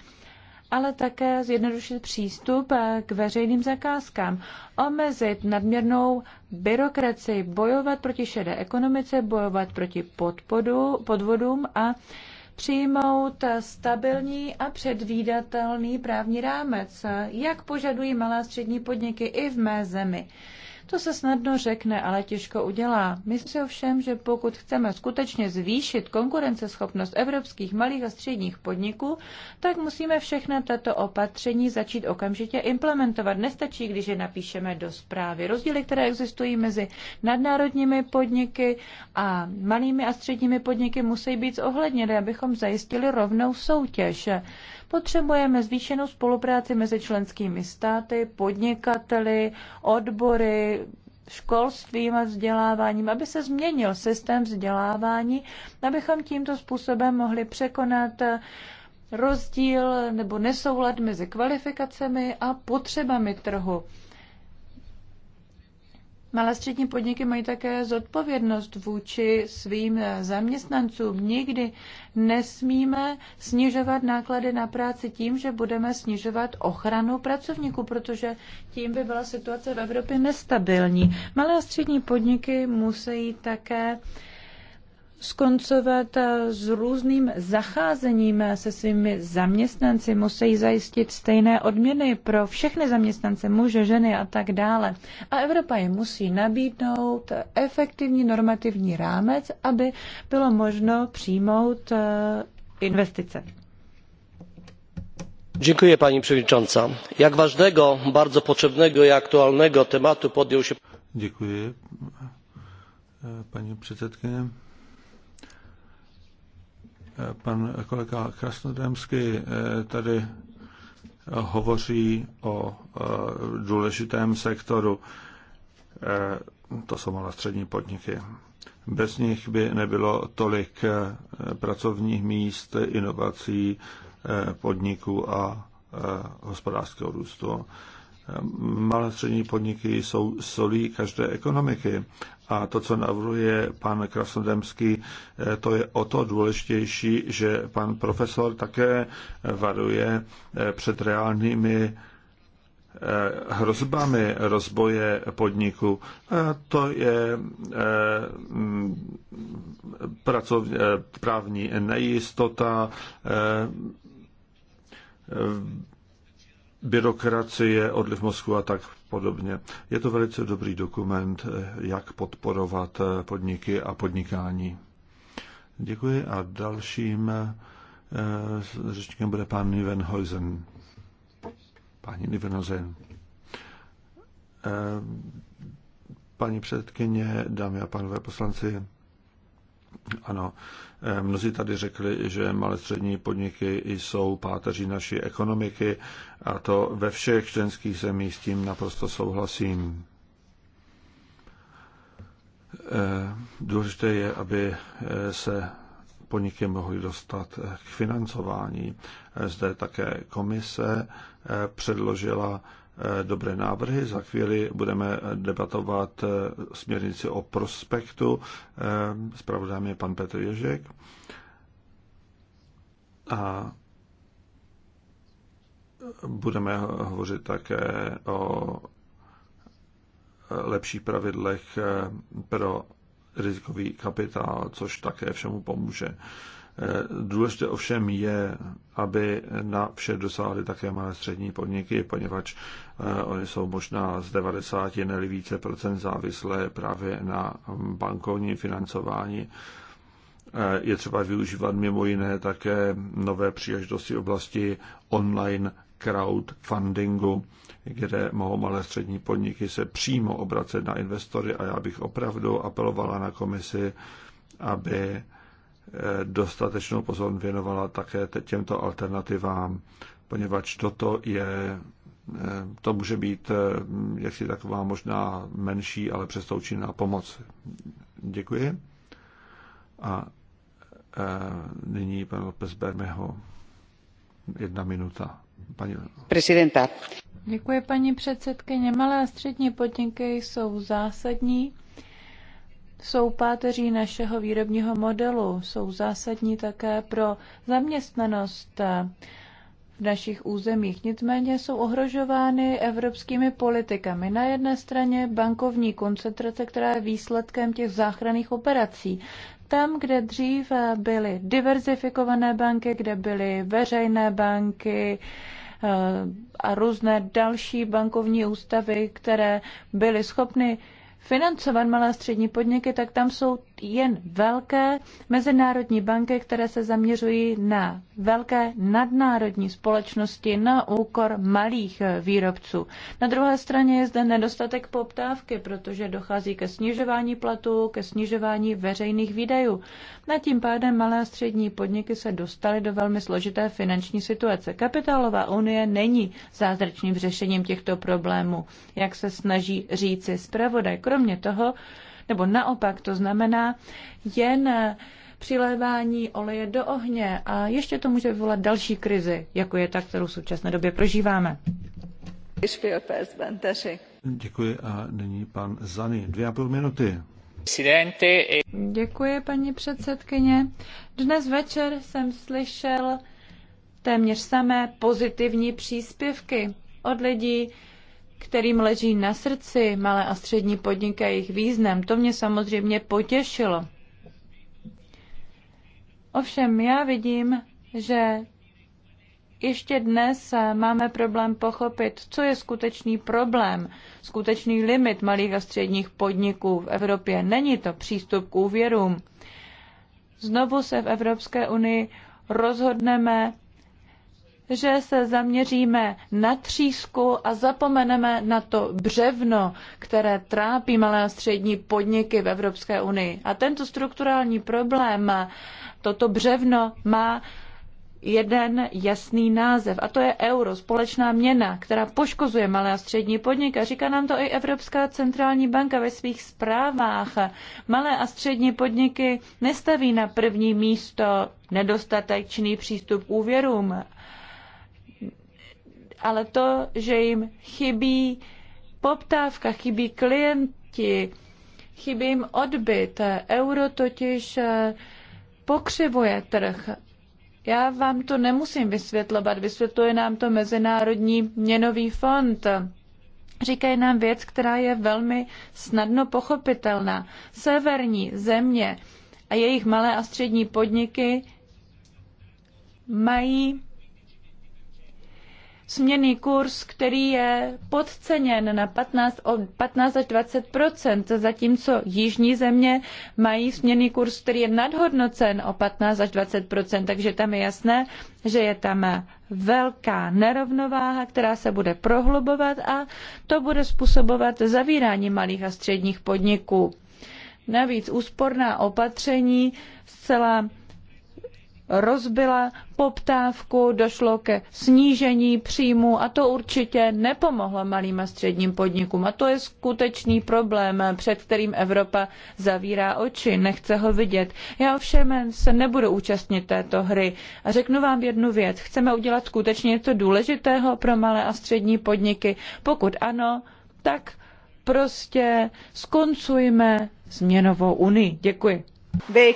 ale také zjednodušit přístup eh, k veřejným zakázkám, omezit nadměrnou byrokracii, bojovat proti šedé ekonomice, bojovat proti podpodu, podvodům a přijmout stabilní a předvídatelný právní rámec, eh, jak požadují malé střední podniky i v mé zemi. To se snadno řekne, ale těžko udělá. Myslím si ovšem, že pokud chceme skutečně zvýšit konkurenceschopnost evropských malých a středních podniků, tak musíme všechna tato opatření začít okamžitě implementovat. Nestačí, když je napíšeme do zprávy. Rozdíly, které existují mezi nadnárodními podniky a malými a středními podniky, musí být zohledněny, abychom zajistili rovnou soutěž. Potřebujeme zvýšenou spolupráci mezi členskými státy, podnikateli, odbory, školstvím a vzděláváním, aby se změnil systém vzdělávání, abychom tímto způsobem mohli překonat rozdíl nebo nesoulad mezi kvalifikacemi a potřebami trhu. Malé střední podniky mají také zodpovědnost vůči svým zaměstnancům. Nikdy nesmíme snižovat náklady na práci tím, že budeme snižovat ochranu pracovníků, protože tím by byla situace v Evropě nestabilní. Malé a střední podniky musí také skoncovat eh, s různým zacházením eh, se svými zaměstnanci, musí zajistit stejné odměny pro všechny zaměstnance, muže, ženy a tak dále. A Evropa je musí nabídnout efektivní normativní rámec, aby bylo možno přijmout eh, investice. Dziękuję pani przewodnicząca. Jak ważnego, bardzo potrzebnego i aktualnego tematu podjął się. Dziękuję e, pani předsedkyně. Pan kolega Krasnodemsky eh, tady hovoří o eh, důležitém sektoru. Eh, to jsou malé střední podniky. Bez nich by nebylo tolik pracovních míst, inovací, podniků a hospodářského růstu. Malé střední podniky jsou solí každé ekonomiky a to, co navrhuje pan Krasnodemský, eh, to je o to důležitější, že pan profesor také eh, varuje eh, před reálnými hrozbami rozboje podniku. To je mm, právní nejistota, byrokracie, odliv mozku a tak podobně. Je to velice dobrý dokument, jak podporovat podniky a podnikání. Děkuji a dalším eh, řečníkem bude pan Nivenhuizen. Pani Nivenhuizen. Eh, paní předkyně, dámy a pánové poslanci, ano, Eh, mnozí tady řekli, že malé střední podniky jsou páteří naší ekonomiky a to ve všech členských zemích s tím naprosto souhlasím. Eh, důležité je, aby eh, se podniky mohly dostat k financování. Zde také komise předložila dobré návrhy. Za chvíli budeme debatovat eh, směrnici o prospektu. Spravodajem eh, je pan Petr Ježek. A budeme hovořit také o eh, lepších pravidlech pro rizikový kapitál, což také všemu pomůže. Eh, důležité ovšem je, aby na vše dosáhly také malé střední podniky, poněvadž eh, oni jsou možná z 90 nebo více procent závislé právě na bankovním financování. Eh, je třeba využívat mimo jiné také nové příležitosti oblasti online crowdfundingu, kde mohou malé střední podniky se přímo obracet na investory a já bych opravdu apelovala na komisi, aby Eh, dostatečnou pozornost věnovala také těmto alternativám, poněvadž toto je, eh, to může být eh, jaksi taková možná menší, ale přesto účinná pomoc. Děkuji. A nyní pan López Bermeho. Jedna minuta. Paní... Prezidenta. Děkuji, paní předsedkyně. Malé a střední podniky jsou zásadní jsou páteří našeho výrobního modelu, jsou zásadní také pro zaměstnanost eh, v našich územích. Nicméně jsou ohrožovány evropskými politikami. Na jedné straně bankovní koncentrace, která je výsledkem těch záchranných operací. Tam, kde dřív byly diverzifikované banky, kde byly veřejné banky, eh, a různé další bankovní ústavy, které byly schopny financovat malé a střední podniky, tak tam jsou jen velké mezinárodní banky, které se zaměřují na velké nadnárodní společnosti na úkor malých výrobců. Na druhé straně je zde nedostatek poptávky, protože dochází ke snižování platů, ke snižování veřejných výdajů. Na tím pádem malé a střední podniky se dostaly do velmi složité finanční situace. Kapitálová unie není zázračným řešením těchto problémů, jak se snaží říci zpravodaj. Kromě toho, nebo naopak to znamená jen eh, přilévání oleje do ohně a ještě to může vyvolat další krizi, jako je ta, kterou v současné době prožíváme. Děkuji a nyní pan Zany. Dvě a půl minuty. Eh, Děkuji, paní předsedkyně. Dnes večer jsem slyšel téměř samé pozitivní příspěvky od lidí, kterým leží na srdci malé a střední podniky a jejich význam. To mě samozřejmě potěšilo. Ovšem já vidím, že ještě dnes máme problém pochopit, co je skutečný problém, skutečný limit malých a středních podniků v Evropě. Není to přístup k úvěrům. Znovu se v Evropské unii rozhodneme že se zaměříme na třísku a zapomeneme na to břevno, které trápí malé a střední podniky v Evropské unii. A tento strukturální problém, toto břevno má jeden jasný název, a to je euro, společná měna, která poškozuje malé a střední podniky. Říká nám to i Evropská centrální banka ve svých zprávách. Malé a střední podniky nestaví na první místo nedostatečný přístup k úvěrům ale to, že jim chybí poptávka, chybí klienti, chybí jim odbyt. Euro totiž eh, pokřivuje trh. Já vám to nemusím vysvětlovat, vysvětluje nám to Mezinárodní měnový fond. Říkají nám věc, která je velmi snadno pochopitelná. Severní země a jejich malé a střední podniky mají směný kurz, který je podceněn na 15, 15 až 20 zatímco jižní země mají směný kurz, který je nadhodnocen o 15 až 20 takže tam je jasné, že je tam velká nerovnováha, která se bude prohlubovat a to bude způsobovat zavírání malých a středních podniků. Navíc úsporná opatření zcela rozbila poptávku, došlo ke snížení příjmu a to určitě nepomohlo malým a středním podnikům. A to je skutečný problém, před kterým Evropa zavírá oči, nechce ho vidět. Já ovšem se nebudu účastnit této hry a řeknu vám jednu věc. Chceme udělat skutečně něco důležitého pro malé a střední podniky? Pokud ano, tak prostě skoncujme s měnovou unii. Děkuji. V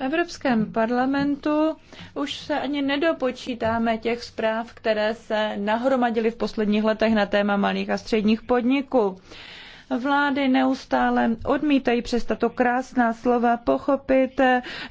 Evropském parlamentu už se ani nedopočítáme těch zpráv, které se nahromadily v posledních letech na téma malých a středních podniků. Vlády neustále odmítají přes tato krásná slova pochopit,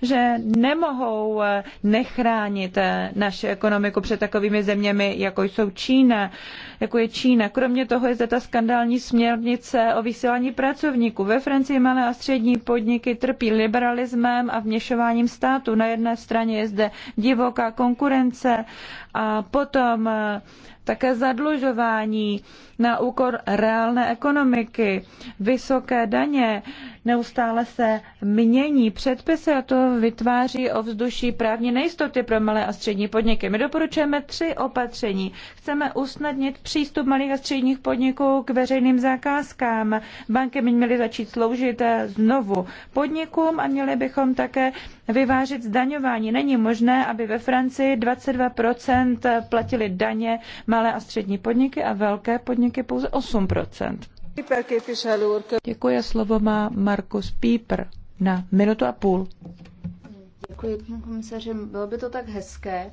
že nemohou eh, nechránit eh, naši ekonomiku před takovými zeměmi, jako jsou Čína, jako je Čína. Kromě toho je zde ta skandální směrnice o vysílání pracovníků. Ve Francii malé a střední podniky trpí liberalismem a vměšováním státu. Na jedné straně je zde divoká konkurence a potom eh, také zadlužování na úkor reálné ekonomiky, vysoké daně, Neustále se mění předpisy a to vytváří ovzduší právní nejistoty pro malé a střední podniky. My doporučujeme tři opatření. Chceme usnadnit přístup malých a středních podniků k veřejným zakázkám. Banky by měly začít sloužit eh, znovu podnikům a měli bychom také vyvážit zdaňování. Není možné, aby ve Francii 22% platili daně malé a střední podniky a velké podniky pouze 8%. Děkuji, slovo má na minutu a půl. pane komisaři. Bylo by to tak hezké.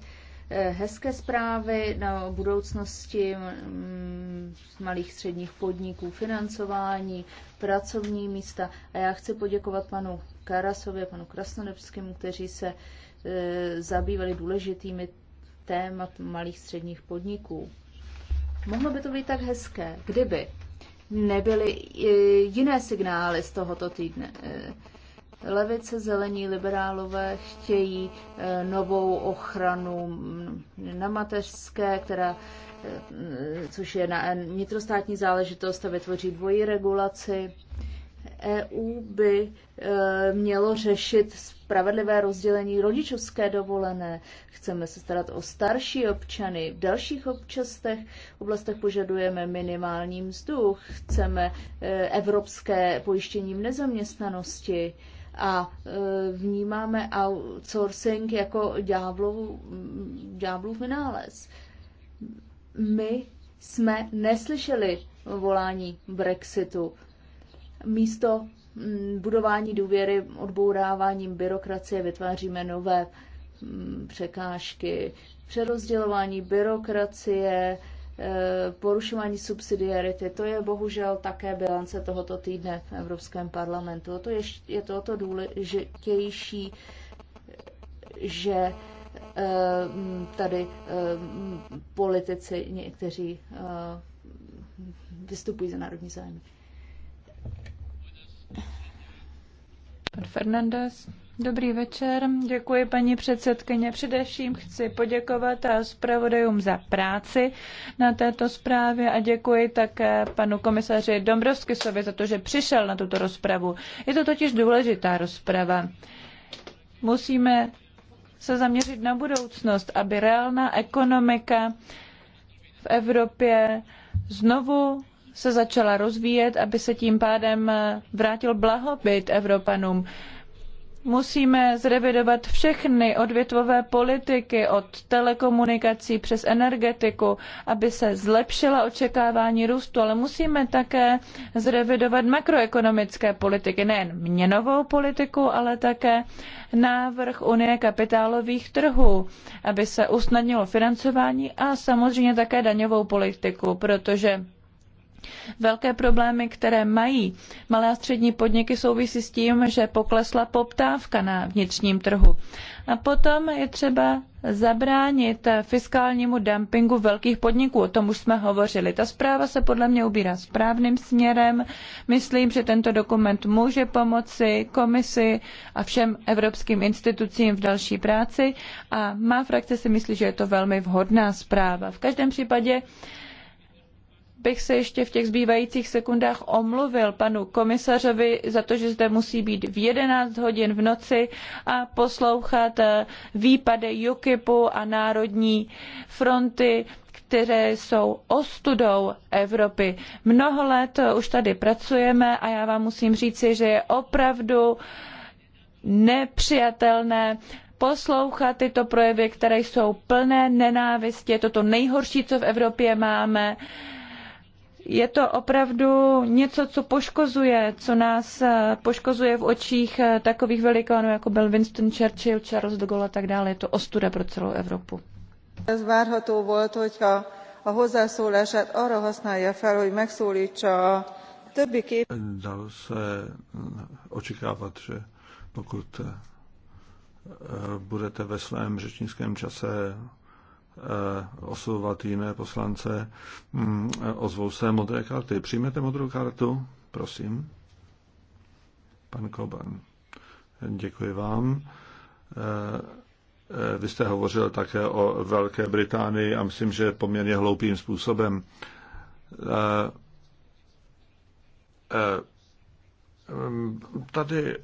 Eh, hezké zprávy na budoucnosti mm, malých středních podniků, financování, pracovní místa. A já chci poděkovat panu Karasovi, a panu Krasnodebskému, kteří se eh, zabývali důležitými témat malých středních podniků. Mohlo by to být tak hezké, kdyby nebyly eh, jiné signály z tohoto týdne. Eh, levice, zelení, liberálové chtějí eh, novou ochranu na mateřské, která, což je na vnitrostátní záležitost a vytvoří dvojí regulaci. EU by mělo řešit spravedlivé rozdělení rodičovské dovolené, chceme se starat o starší občany, v dalších občastech, oblastech požadujeme minimální mzdu, chceme eh, evropské pojištění v nezaměstnanosti a eh, vnímáme outsourcing jako ďáblov, ďáblův vynález. My jsme neslyšeli volání Brexitu. Místo Mm, budování důvěry odbouráváním byrokracie vytváříme nové mm, překážky, přerozdělování byrokracie, e, porušování subsidiarity. To je bohužel také bilance tohoto týdne v Evropském parlamentu. To je, je to to důležitější, že e, mm, tady e, politici někteří vystupují za národní zájmy. Pan Fernandez. Dobrý večer, děkuji paní předsedkyně. Především chci poděkovat a zpravodajům za práci na této zprávě a děkuji také panu komisaři Dombrovskisovi za to, že přišel na tuto rozpravu. Je to totiž důležitá rozprava. Musíme se zaměřit na budoucnost, aby reálná ekonomika v Evropě znovu se začala rozvíjet, aby se tím pádem eh, vrátil blahobyt Evropanům. Musíme zrevidovat všechny odvětvové politiky od telekomunikací přes energetiku, aby se zlepšila očekávání růstu, ale musíme také zrevidovat makroekonomické politiky, nejen měnovou politiku, ale také návrh Unie kapitálových trhů, aby se usnadnilo financování a samozřejmě také daňovou politiku, protože Velké problémy, které mají malé a střední podniky, souvisí s tím, že poklesla poptávka na vnitřním trhu. A potom je třeba zabránit fiskálnímu dumpingu velkých podniků. O tom už jsme hovořili. Ta zpráva se podle mě ubírá správným směrem. Myslím, že tento dokument může pomoci komisi a všem evropským institucím v další práci a má frakce si myslí, že je to velmi vhodná zpráva. V každém případě bych se ještě v těch zbývajících sekundách omluvil panu komisařovi za to, že zde musí být v 11 hodin v noci a poslouchat eh, výpady UKIPu a Národní fronty, které jsou ostudou Evropy. Mnoho let eh, už tady pracujeme a já vám musím říci, že je opravdu nepřijatelné poslouchat tyto projevy, které jsou plné nenávisti. Je to to nejhorší, co v Evropě máme je to opravdu něco, co poškozuje, co nás eh, poškozuje v očích eh, takových velikánů, jako byl Winston Churchill, Charles de Gaulle a tak dále. Je to ostuda pro celou Evropu. Ez várható volt, hogyha a hozzászólását arra használja fel, hogy megszólítsa a többi kép... Dalo se eh, očekávat, že pokud budete ve svém řečnickém čase Eh, oslovovat jiné poslance, mm, eh, ozvou se modré karty. Přijmete modrou kartu? Prosím. Pan Koban. Děkuji vám. Eh, vy jste hovořil také o Velké Británii a myslím, že poměrně hloupým způsobem. Mm, tady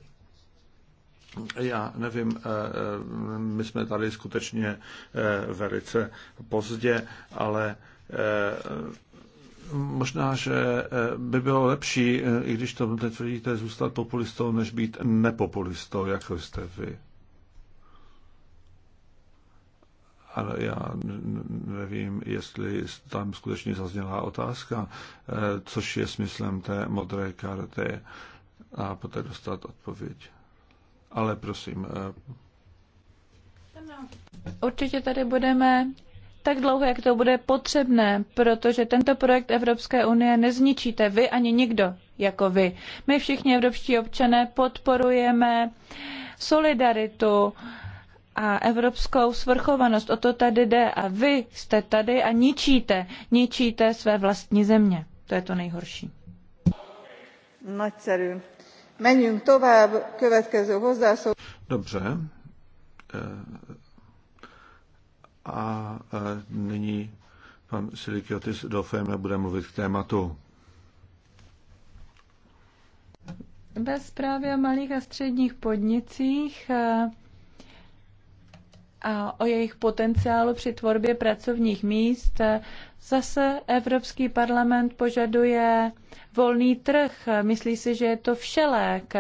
já nevím, eh, eh, my jsme tady skutečně eh, velice pozdě, ale možná, že by bylo lepší, i když to tvrdíte, zůstat populistou, než být nepopulistou, jako jste vy. Ale já nevím, jestli tam skutečně zazněla otázka, což je smyslem té modré karty a poté dostat odpověď ale prosím. Eh, Určitě tady budeme tak dlouho, jak to bude potřebné, protože tento projekt Evropské unie nezničíte vy ani nikdo jako vy. My všichni evropští občané podporujeme solidaritu a evropskou svrchovanost. O to tady jde a vy jste tady a ničíte, ničíte své vlastní země. To je to nejhorší. Nagyszerű. Menjünk tovább, következő hozzászó. Dobře. Eh, a eh, nyní pan Silikiotis feme bude mluvit k tématu. Ve zprávě o malých a středních podnicích eh, a o jejich potenciálu při tvorbě pracovních míst. Zase Evropský parlament požaduje volný trh. Myslí si, že je to všelék.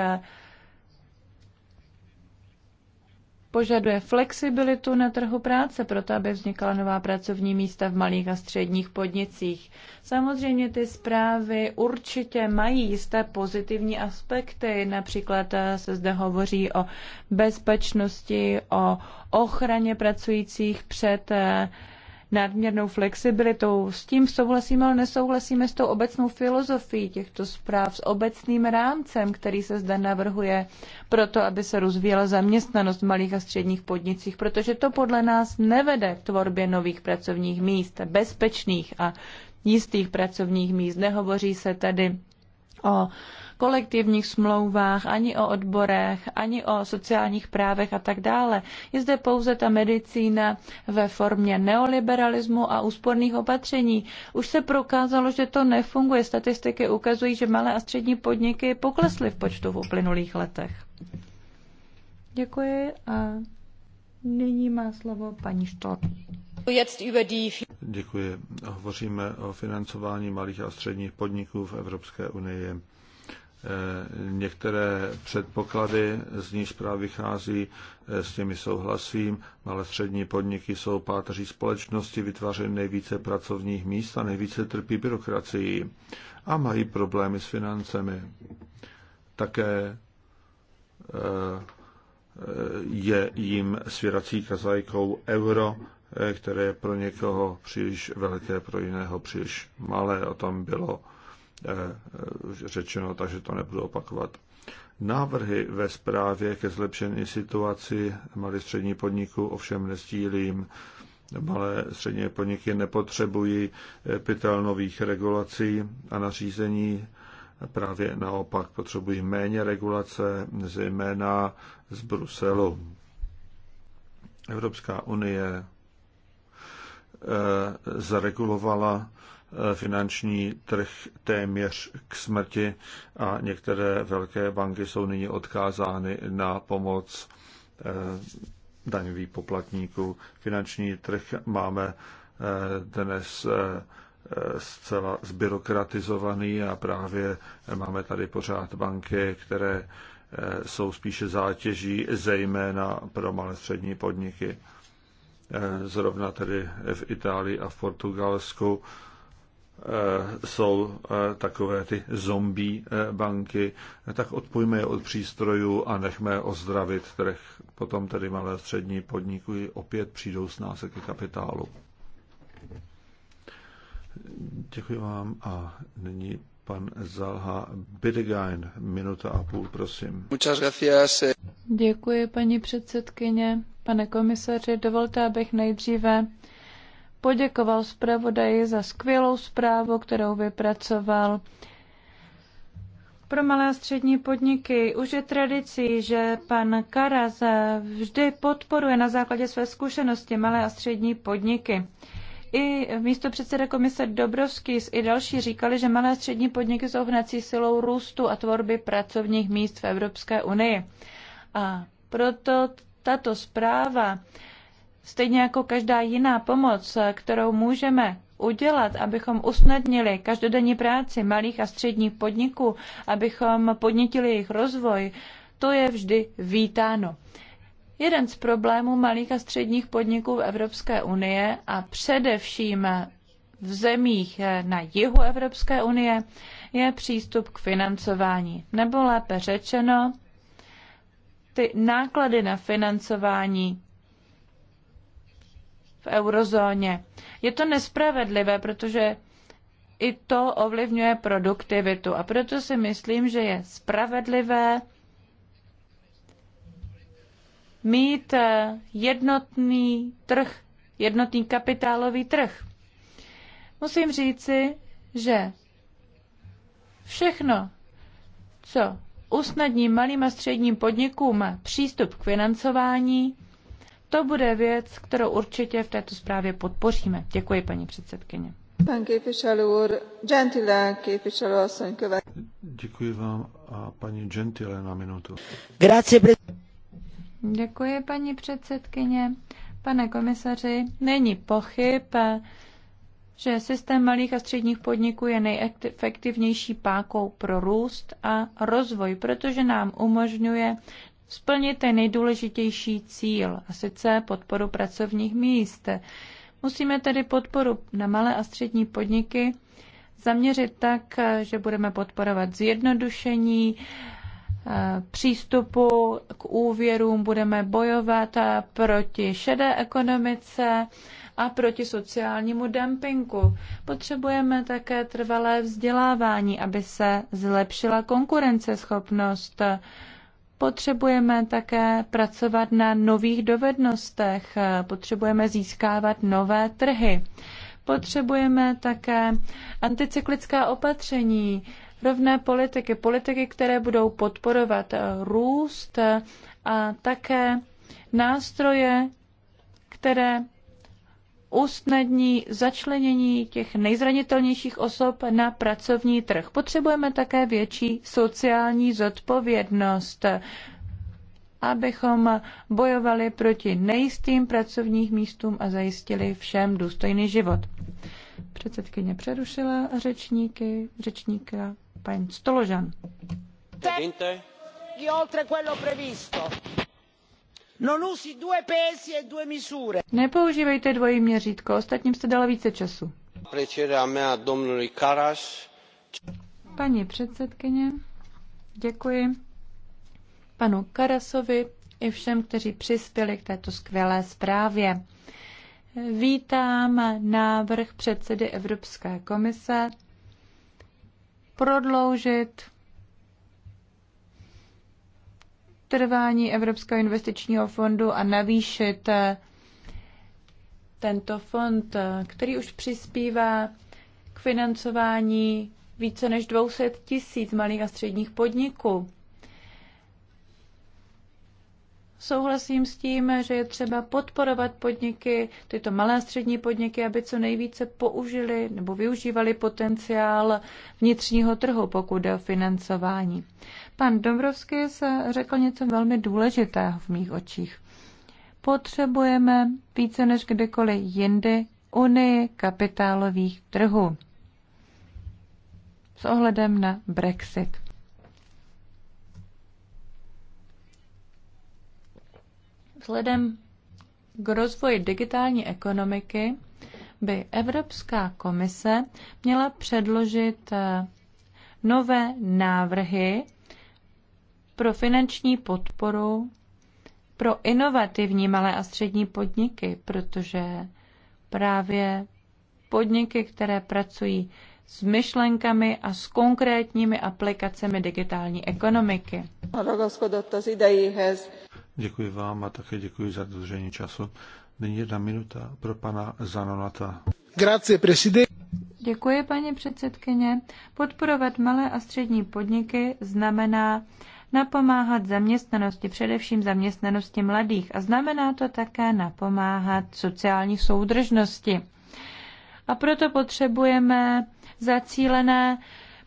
požaduje flexibilitu na trhu práce, proto aby vznikala nová pracovní místa v malých a středních podnicích. Samozřejmě ty zprávy určitě mají jisté pozitivní aspekty, například eh, se zde hovoří o bezpečnosti, o ochraně pracujících před eh, nadměrnou flexibilitou. S tím souhlasíme, ale nesouhlasíme s tou obecnou filozofií těchto zpráv, s obecným rámcem, který se zde navrhuje proto, aby se rozvíjela zaměstnanost v malých a středních podnicích, protože to podle nás nevede k tvorbě nových pracovních míst, bezpečných a jistých pracovních míst. Nehovoří se tady o kolektivních smlouvách, ani o odborech, ani o sociálních právech a tak dále. Je zde pouze ta medicína ve formě neoliberalismu a úsporných opatření. Už se prokázalo, že to nefunguje. Statistiky ukazují, že malé a střední podniky poklesly v počtu v uplynulých letech. Děkuji a nyní má slovo paní Štot. Děkuji. Hovoříme o financování malých a středních podniků v Evropské unii. Eh, některé předpoklady, z níž právě vychází, eh, s těmi souhlasím. Malé střední podniky jsou páteří společnosti, vytvářejí nejvíce pracovních míst a nejvíce trpí byrokracií a mají problémy s financemi. Také eh, je jim svěrací kazajkou euro, které je pro někoho příliš velké, pro jiného příliš malé. O tom bylo Eh, eh, řečeno, takže to nebudu opakovat. Návrhy ve zprávě ke zlepšení situaci malých střední podniků ovšem nestílím. Malé střední podniky nepotřebují eh, pytel nových regulací a nařízení. Právě naopak potřebují méně regulace, zejména z Bruselu. Evropská unie Eh, zaregulovala eh, finanční trh téměř k smrti a některé velké banky jsou nyní odkázány na pomoc eh, daňových poplatníků. Finanční trh máme dnes zcela zbyrokratizovaný a právě máme tady pořád banky, které jsou spíše zátěží, zejména pro malé střední podniky. Eh, zrovna tedy v Itálii a v Portugalsku eh, jsou eh, takové ty zombie banky, tak odpojme je od přístrojů a nechme ozdravit trh. Potom tedy malé a střední podniky opět přijdou s nás ke kapitálu. Děkuji vám a nyní Pan Zalha Bidegain, minuta a půl, prosím. Eh. Děkuji, paní předsedkyně. Pane komisaři, dovolte, abych nejdříve poděkoval zpravodaji za skvělou zprávu, kterou vypracoval. Pro malé a střední podniky už je tradicí, že pan Karas vždy podporuje na základě své zkušenosti malé a střední podniky. I místo předseda komise Dobrovskis i další říkali, že malé a střední podniky jsou hnací silou růstu a tvorby pracovních míst v Evropské unii. A proto tato zpráva, stejně jako každá jiná pomoc, kterou můžeme udělat, abychom usnadnili každodenní práci malých a středních podniků, abychom podnítili jejich rozvoj, to je vždy vítáno. Jeden z problémů malých a středních podniků v Evropské unie a především v zemích na jihu Evropské unie je přístup k financování, nebo lépe řečeno, ty náklady na financování v eurozóně. Je to nespravedlivé, protože i to ovlivňuje produktivitu a proto si myslím, že je spravedlivé mít eh, jednotný trh, jednotný kapitálový trh. Musím říci, že všechno, co usnadní malým a středním podnikům přístup k financování, to bude věc, kterou určitě v této zprávě podpoříme. Děkuji, paní předsedkyně. Děkuji vám a paní Gentile na minutu. Děkuji, paní předsedkyně. Pane komisaři, není pochyb, že systém malých a středních podniků je nejefektivnější pákou pro růst a rozvoj, protože nám umožňuje splnit ten nejdůležitější cíl, a sice podporu pracovních míst. Musíme tedy podporu na malé a střední podniky zaměřit tak, že budeme podporovat zjednodušení, přístupu k úvěrům, budeme bojovat proti šedé ekonomice a proti sociálnímu dumpingu. Potřebujeme také trvalé vzdělávání, aby se zlepšila konkurenceschopnost. Potřebujeme také pracovat na nových dovednostech, potřebujeme získávat nové trhy. Potřebujeme také anticyklická opatření, rovné politiky, politiky, které budou podporovat eh, růst eh, a také nástroje, které usnadní začlenění těch nejzranitelnějších osob na pracovní trh. Potřebujeme také větší sociální zodpovědnost, abychom bojovali proti nejistým pracovních místům a zajistili všem důstojný život. Předsedkyně přerušila řečníky, řečníka Paní Stoložan. E Nepoužívejte dvojí měřítko, ostatním jste dala více času. Paní předsedkyně, děkuji panu Karasovi i všem, kteří přispěli k této skvělé zprávě. Vítám návrh předsedy Evropské komise prodloužit trvání Evropského investičního fondu a navýšit eh, tento fond, eh, který už přispívá k financování více než 200 tisíc malých a středních podniků. Souhlasím s tím, že je třeba podporovat podniky, tyto malé a střední podniky, aby co nejvíce použili nebo využívali potenciál vnitřního trhu, pokud jde o financování. Pan Dobrovský se řekl něco velmi důležitého v mých očích. Potřebujeme více než kdekoliv jindy unii kapitálových trhů s ohledem na Brexit. Vzhledem k rozvoji digitální ekonomiky by Evropská komise měla předložit eh, nové návrhy pro finanční podporu pro inovativní malé a střední podniky, protože právě podniky, které pracují s myšlenkami a s konkrétními aplikacemi digitální ekonomiky. Ragaszkodott az idejéhez, Děkuji vám a také děkuji za dodržení času. Nyní jedna minuta pro pana Zanonata. Grazie, presidente. Děkuji, paní předsedkyně. Podporovat malé a střední podniky znamená napomáhat zaměstnanosti, především zaměstnanosti mladých a znamená to také napomáhat sociální soudržnosti. A proto potřebujeme zacílené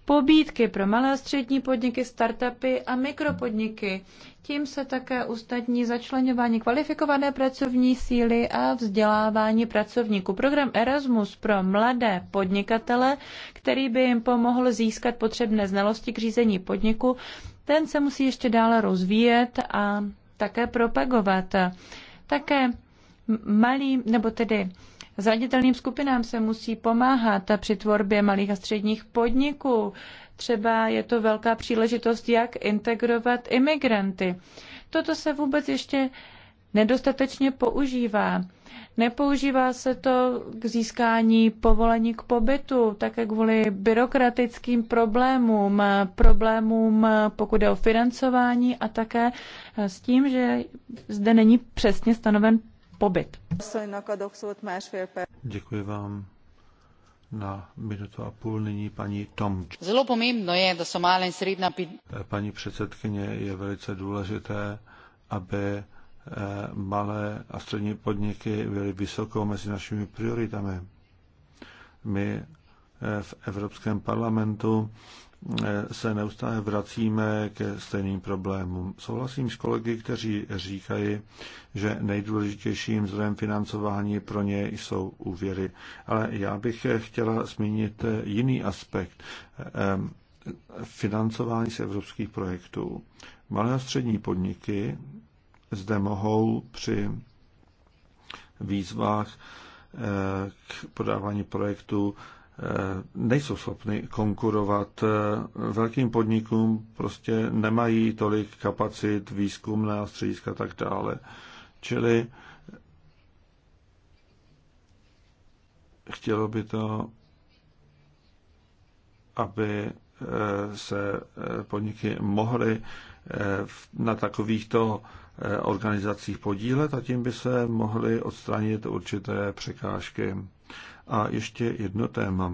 pobídky pro malé a střední podniky, startupy a mikropodniky. Tím se také ustatní začlenování kvalifikované pracovní síly a vzdělávání pracovníků. Program Erasmus pro mladé podnikatele, který by jim pomohl získat potřebné znalosti k řízení podniku, ten se musí ještě dále rozvíjet a také propagovat. Také malým, nebo tedy Zranitelným skupinám se musí pomáhat při tvorbě malých a středních podniků. Třeba je to velká příležitost, jak integrovat imigranty. Toto se vůbec ještě nedostatečně používá. Nepoužívá se to k získání povolení k pobytu, také kvůli byrokratickým problémům, problémům pokud je o financování a také s tím, že zde není přesně stanoven pobyt. Děkuji vám na minutu a půl nyní paní Tomč. Zelo pomembno je, da so mala in Paní předsedkyně, je velice důležité, aby eh, malé a střední podniky byly vysoko mezi našimi prioritami. My eh, v Evropském parlamentu Eh, se neustále vracíme ke stejným problémům. Souhlasím s kolegy, kteří říkají, že nejdůležitějším zdrojem financování pro ně jsou úvěry. Ale já bych chtěla zmínit jiný aspekt ehm, financování z evropských projektů. Malé a střední podniky zde mohou při výzvách eh, k podávání projektů Eh, nejsou schopny konkurovat eh, velkým podnikům, prostě nemají tolik kapacit, a střediska a tak dále. Čili chtělo by to, aby eh, se podniky mohly na takovýchto organizacích podílet a tím by se mohly odstranit určité překážky. A ještě jedno téma.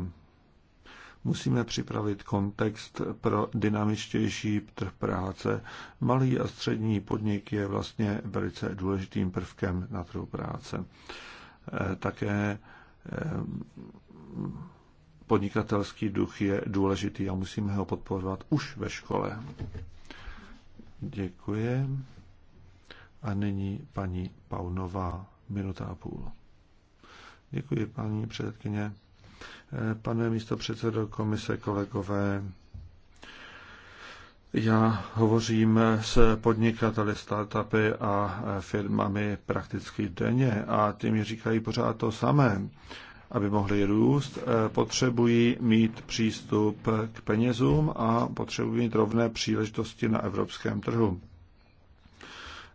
Musíme připravit kontext pro dynamičtější trh práce. Malý a střední podnik je vlastně velice důležitým prvkem na trhu práce. Eh, také eh, podnikatelský duch je důležitý a musíme ho podporovat už ve škole. Děkuji. A nyní paní Paunová, minuta a půl. Děkuji, paní předsedkyně. Eh, pane místo předsedo komise, kolegové, já hovořím s podnikateli, startupy a firmami prakticky denně a ty mi říkají pořád to samé. Aby mohli růst, eh, potřebují mít přístup k penězům a potřebují mít rovné příležitosti na evropském trhu.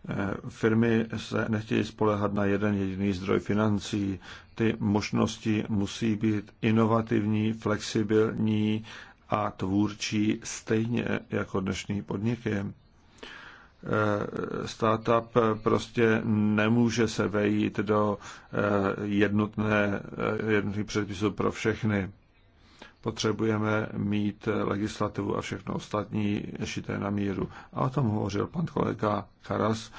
Eh, firmy se nechtějí spolehat na jeden jediný zdroj financí. Ty možnosti musí být inovativní, flexibilní a tvůrčí, stejně jako dnešní podniky. Eh, startup prostě nemůže se vejít do eh, jednotné, jednotných předpisů pro všechny potřebujeme mít legislativu a všechno ostatní šité na míru. A o tom hovořil pan kolega Karas.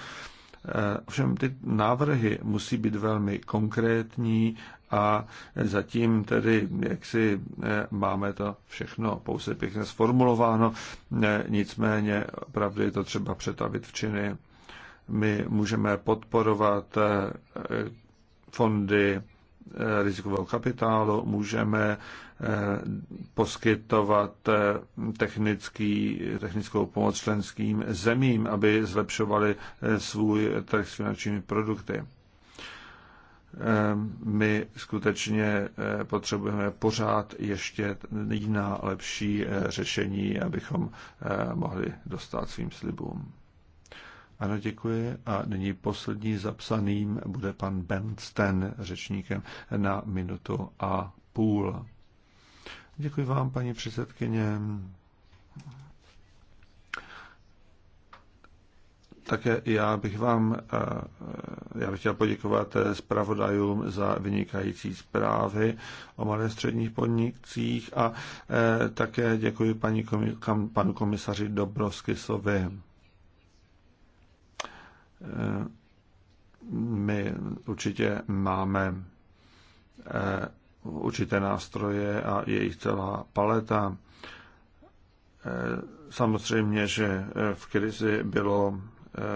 Eh, ovšem ty návrhy musí být velmi konkrétní a zatím tedy, jak si eh, máme to všechno pouze pěkně sformulováno, eh, nicméně opravdu je to třeba přetavit v činy. My můžeme podporovat fondy rizikového kapitálu, můžeme Eh, poskytovat eh, technický, technickou pomoc členským zemím, aby zlepšovali eh, svůj trh s finančními produkty. My skutečně potřebujeme pořád ještě jiná lepší řešení, abychom mohli dostat svým slibům. Ano, děkuji. A nyní poslední zapsaným bude pan Bernstein řečníkem na minutu a půl. Děkuji vám, paní předsedkyně. Také já bych vám, eh, já bych chtěl poděkovat eh, zpravodajům za vynikající zprávy o malé středních podnikcích a eh, také děkuji paní, panu komisaři Dobrovskisovi. My určitě máme určité nástroje a jejich celá paleta. E, samozřejmě, že v krizi bylo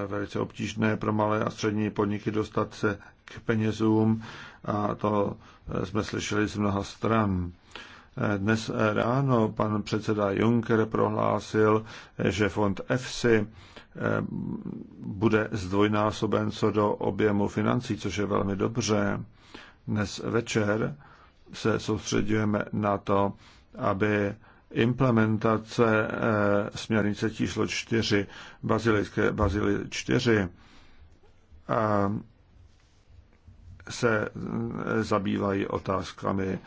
e, velice obtížné pro malé a střední podniky dostat se k penězům a to e, jsme slyšeli z mnoha stran. Dnes ráno pan předseda Juncker prohlásil, že fond EFSI bude zdvojnásoben co do objemu financí, což je velmi dobře. Dnes večer se soustředujeme na to, aby implementace eh, směrnice číslo 4, bazilické bazily 4, eh, se eh, zabývají otázkami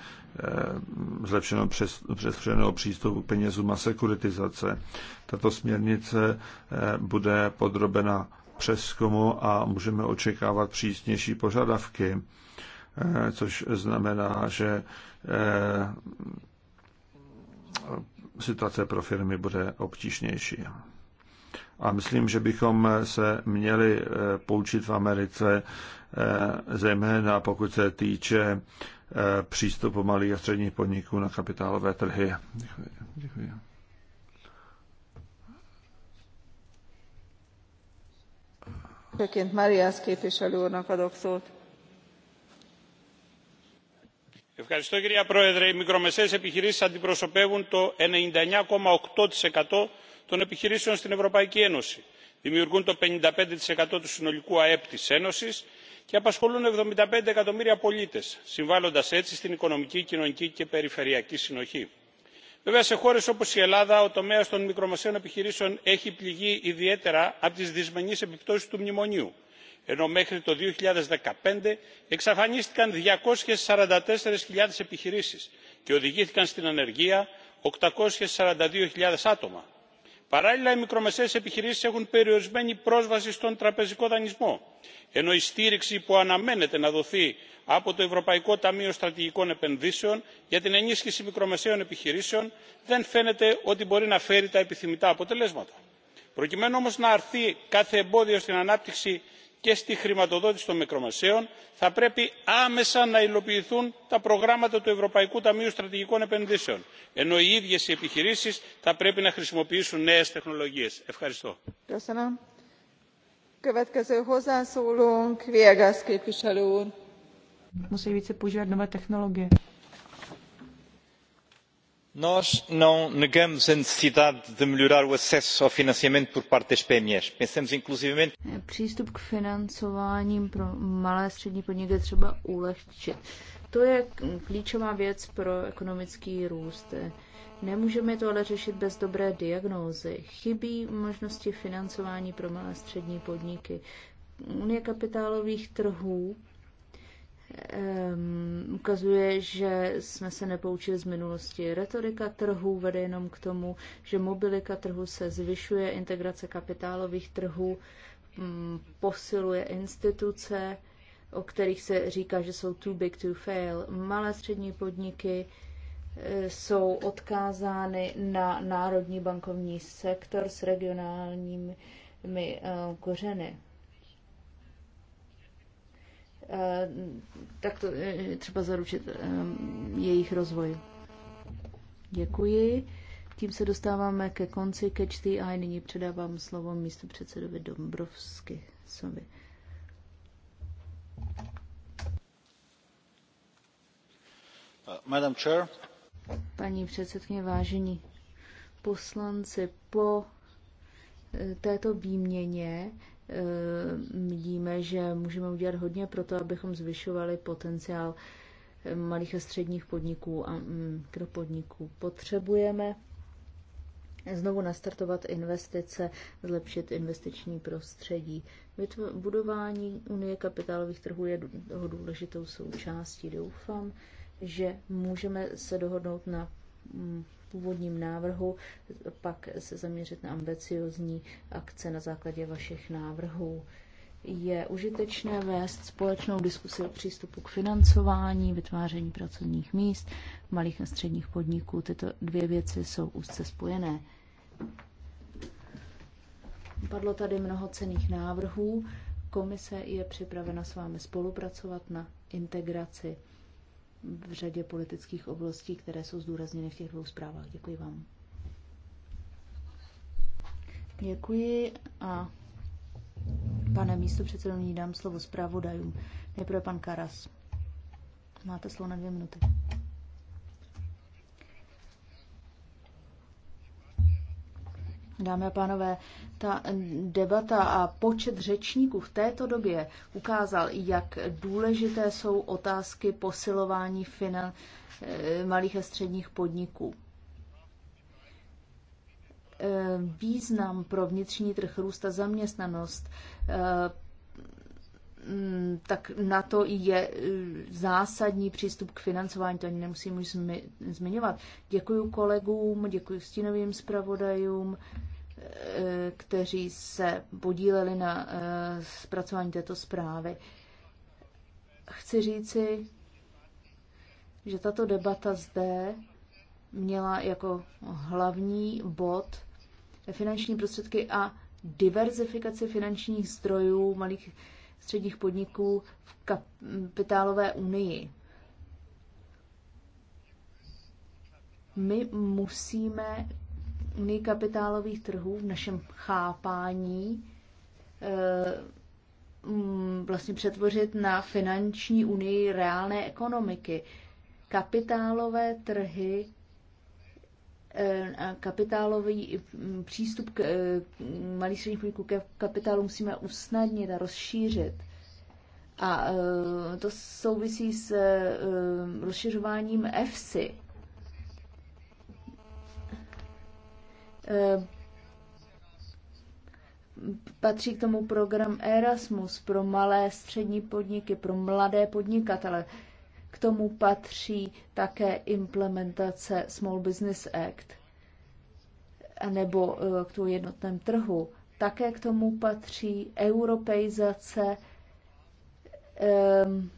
zlepšeného přes, přístupu k penězům a sekuritizace. Tato směrnice bude podrobena přeskomu a můžeme očekávat přísnější požadavky. Eh, což znamená, že eh, situace pro firmy bude obtížnější. A myslím, že bychom se měli eh, poučit v Americe, zejména pokud se týče přístupu malých a středních podniků na kapitálové trhy. Děkuji. Děkuji. Maria, Mariász képviselő úrnak adok szót κυρία πρόεδρε οι μικρομεσαίες επιχειρήσεις αντιπροσωπεύουν το ενενήντα εννιά οκτώ των επιχειρήσεων στην ευρωπαϊκή ένωση δημιουργούν το πενήντα πέντε του συνολικού αεπ της ένωσης και απασχολούν εβδομήντα πέντε εκατομμύρια πολίτες συμβάλλοντας έτσι στην οικονομική κοινωνική και περιφερειακή συνοχή. βέβαια σε χώρες όπως η ελλάδα ο τομέας των μικρομεσαίων επιχειρήσεων έχει πληγεί ιδιαίτερα από τις δυσμενείς επιπτώσεις του μνημονίου ενώ μέχρι το δύο χιλιάδες δεκαπέντε εξαφανίστηκαν διακόσιες σαράντα τέσσερις χιλιάδες επιχειρήσεις και οδηγήθηκαν στην ανεργία οκτακόσιες σαράντα δύο χιλιάδες άτομα. παράλληλα οι μικρομεσαίες επιχειρήσεις έχουν περιορισμένη πρόσβαση στον τραπεζικό δανεισμό ενώ η στήριξη που αναμένεται να δοθεί από το ευρωπαϊκό ταμείο στρατηγικών επενδύσεων για την ενίσχυση μικρομεσαίων επιχειρήσεων δεν φαίνεται ότι μπορεί να φέρει τα επιθυμητά αποτελέσματα. προκειμένου όμως να αρθεί κάθε εμπόδιο στην ανάπτυξη και στη χρηματοδότηση των μικρομεσαίων θα πρέπει άμεσα να υλοποιηθούν τα προγράμματα του ευρωπαϊκού ταμείου στρατηγικών επενδύσεων ενώ οι ίδιες οι επιχειρήσεις θα πρέπει να χρησιμοποιήσουν νέες τεχνολογίες. ευχαριστώ nós não negamos a necessidade de melhorar o acesso ao financiamento por parte das PMEs. Pensamos inclusivamente... É Přístup k financováním pro malé a střední podniky třeba ulehčit. To je klíčová věc pro ekonomický růst. Nemůžeme to ale řešit bez dobré diagnózy. Chybí možnosti financování pro malé a střední podniky. Unie kapitálových trhů um, ukazuje, že jsme se nepoučili z minulosti. Retorika trhů vede jenom k tomu, že mobilika trhu se zvyšuje, integrace kapitálových trhů um, posiluje instituce, o kterých se říká, že jsou too big to fail. Malé střední podniky e, jsou odkázány na národní bankovní sektor s regionálními e, kořeny. Eh, tak to eh, třeba zaručit eh, jejich rozvoj. Děkuji. Tím se dostáváme ke konci ke the A Nyní předávám slovo místo předsedovi Dombrovsky. Sovi. Uh, Madam Chair. Paní předsedkyně, vážení poslanci, po této výměně Eh, vidíme, že můžeme udělat hodně pro to, abychom zvyšovali potenciál eh, malých a středních podniků a mm, mikropodniků. Potřebujeme znovu nastartovat investice, zlepšit investiční prostředí. Budování Unie kapitálových trhů je toho důležitou součástí. Doufám, že můžeme se dohodnout na mm, původním návrhu, pak se zaměřit na ambiciozní akce na základě vašich návrhů. Je užitečné vést společnou diskusi o přístupu k financování, vytváření pracovních míst, malých a středních podniků. Tyto dvě věci jsou úzce spojené. Padlo tady mnoho cených návrhů. Komise je připravena s vámi spolupracovat na integraci v řadě politických oblastí, které jsou zdůrazněny v těch dvou zprávách. Děkuji vám. Děkuji a pane místo předsedo, dám slovo zprávodajům. Nejprve pan Karas. Máte slovo na dvě minuty. Dámy a pánové, ta debata a počet řečníků v této době ukázal, jak důležité jsou otázky posilování finan- eh, malých a středních podniků. Eh, význam pro vnitřní trh růsta zaměstnanost eh, Mm, tak na to je e, zásadní přístup k financování, to ani nemusím už zmi, zmiňovat. Děkuji kolegům, děkuji stínovým zpravodajům, e, kteří se podíleli na e, zpracování této zprávy. Chci říci, že tato debata zde měla jako hlavní bod finanční prostředky a diverzifikaci finančních zdrojů malých středních podniků v kapitálové unii. My musíme unii kapitálových trhů v našem chápání eh, mm, vlastně přetvořit na finanční unii reálné ekonomiky. Kapitálové trhy Eh, kapitálový přístup k eh, malých středních podniků ke kapitálu musíme usnadnit a rozšířit. A eh, to souvisí s rozšiřováním EFSI. Patří k tomu program Erasmus pro malé střední podniky, pro mladé podnikatele k tomu patří také implementace Small Business Act nebo eh, k tomu jednotném trhu. Také k tomu patří europeizace, ehm,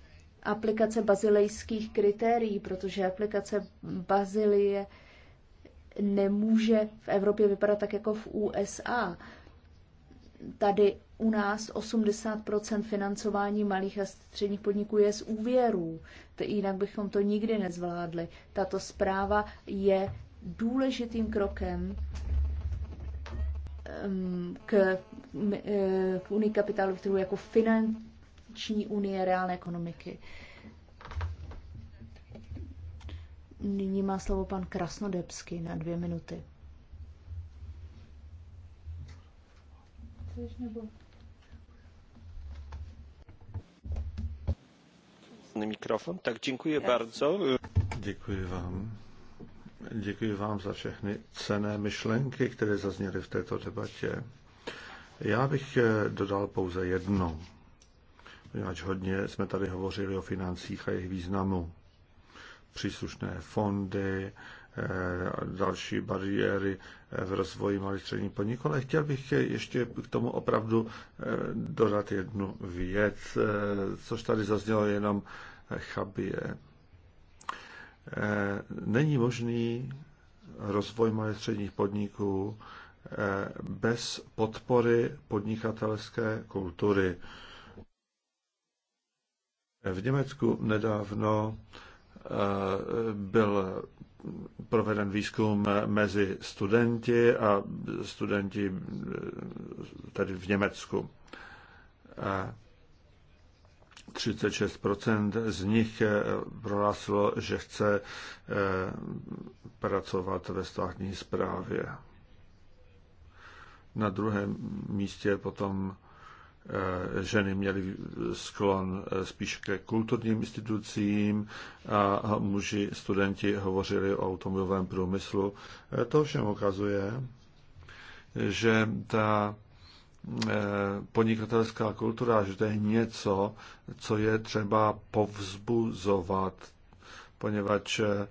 aplikace bazilejských kritérií, protože aplikace bazilie nemůže v Evropě vypadat tak jako v USA. Tady u nás 80 financování malých a středních podniků je z úvěrů, jinak bychom to nikdy nezvládli. Tato zpráva je důležitým krokem ehm, k, e, k unii kapitálu, kterou jako finanční unie reálné ekonomiky. Nyní má slovo pan Krasnodebsky na dvě minuty. Nebo... Tak, Děkuji vám. Děkuji vám za všechny cené myšlenky, které zazněly v této debatě. Já bych eh, dodal pouze jedno, poněvadž hodně jsme tady hovořili o financích a jejich významu. Příslušné fondy, eh, další bariéry eh, v rozvoji malých středních podniků, ale chtěl bych ještě k tomu opravdu dodat jednu věc, což tady zaznělo jenom chabije. Eh, není možný rozvoj malých středních podniků eh, bez podpory podnikatelské kultury. Eh, v Německu nedávno byl proveden výzkum mezi studenti a studenti tady v Německu. 36 z nich eh, prohlásilo, že chce eh, pracovat ve státní správě. Na druhém místě potom eh, ženy měly sklon spíš ke kulturním institucím a muži, studenti hovořili o automobilovém průmyslu. To všem ukazuje, že ta Eh, podnikatelská kultura, že to je něco, co je třeba povzbuzovat, poněvadž eh,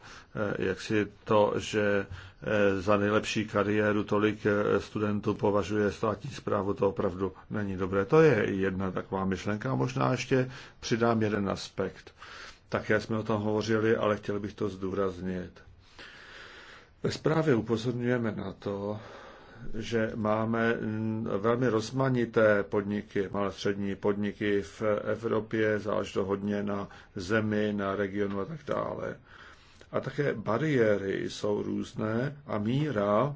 jak si to, že eh, za nejlepší kariéru tolik studentů považuje státní zprávu, to opravdu není dobré. To je jedna taková myšlenka. Možná ještě přidám jeden aspekt. Také jsme o tom hovořili, ale chtěl bych to zdůraznit. Ve zprávě upozorňujeme na to, že máme velmi rozmanité podniky, malé střední podniky v Evropě, záleží to hodně na zemi, na regionu a tak dále. A také bariéry jsou různé a míra,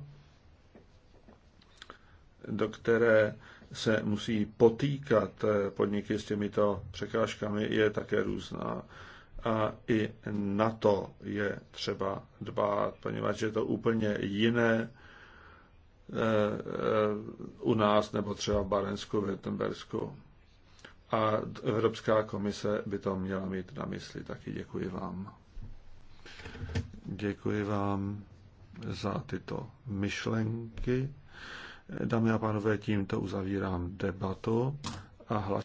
do které se musí potýkat podniky s těmito překážkami, je také různá. A i na to je třeba dbát, poněvadž je to úplně jiné u nás nebo třeba v Barensku, Württembersku. A Evropská komise by to měla mít na mysli. Taky děkuji vám. Děkuji vám za tyto myšlenky. Dámy a pánové, tímto uzavírám debatu a hlas.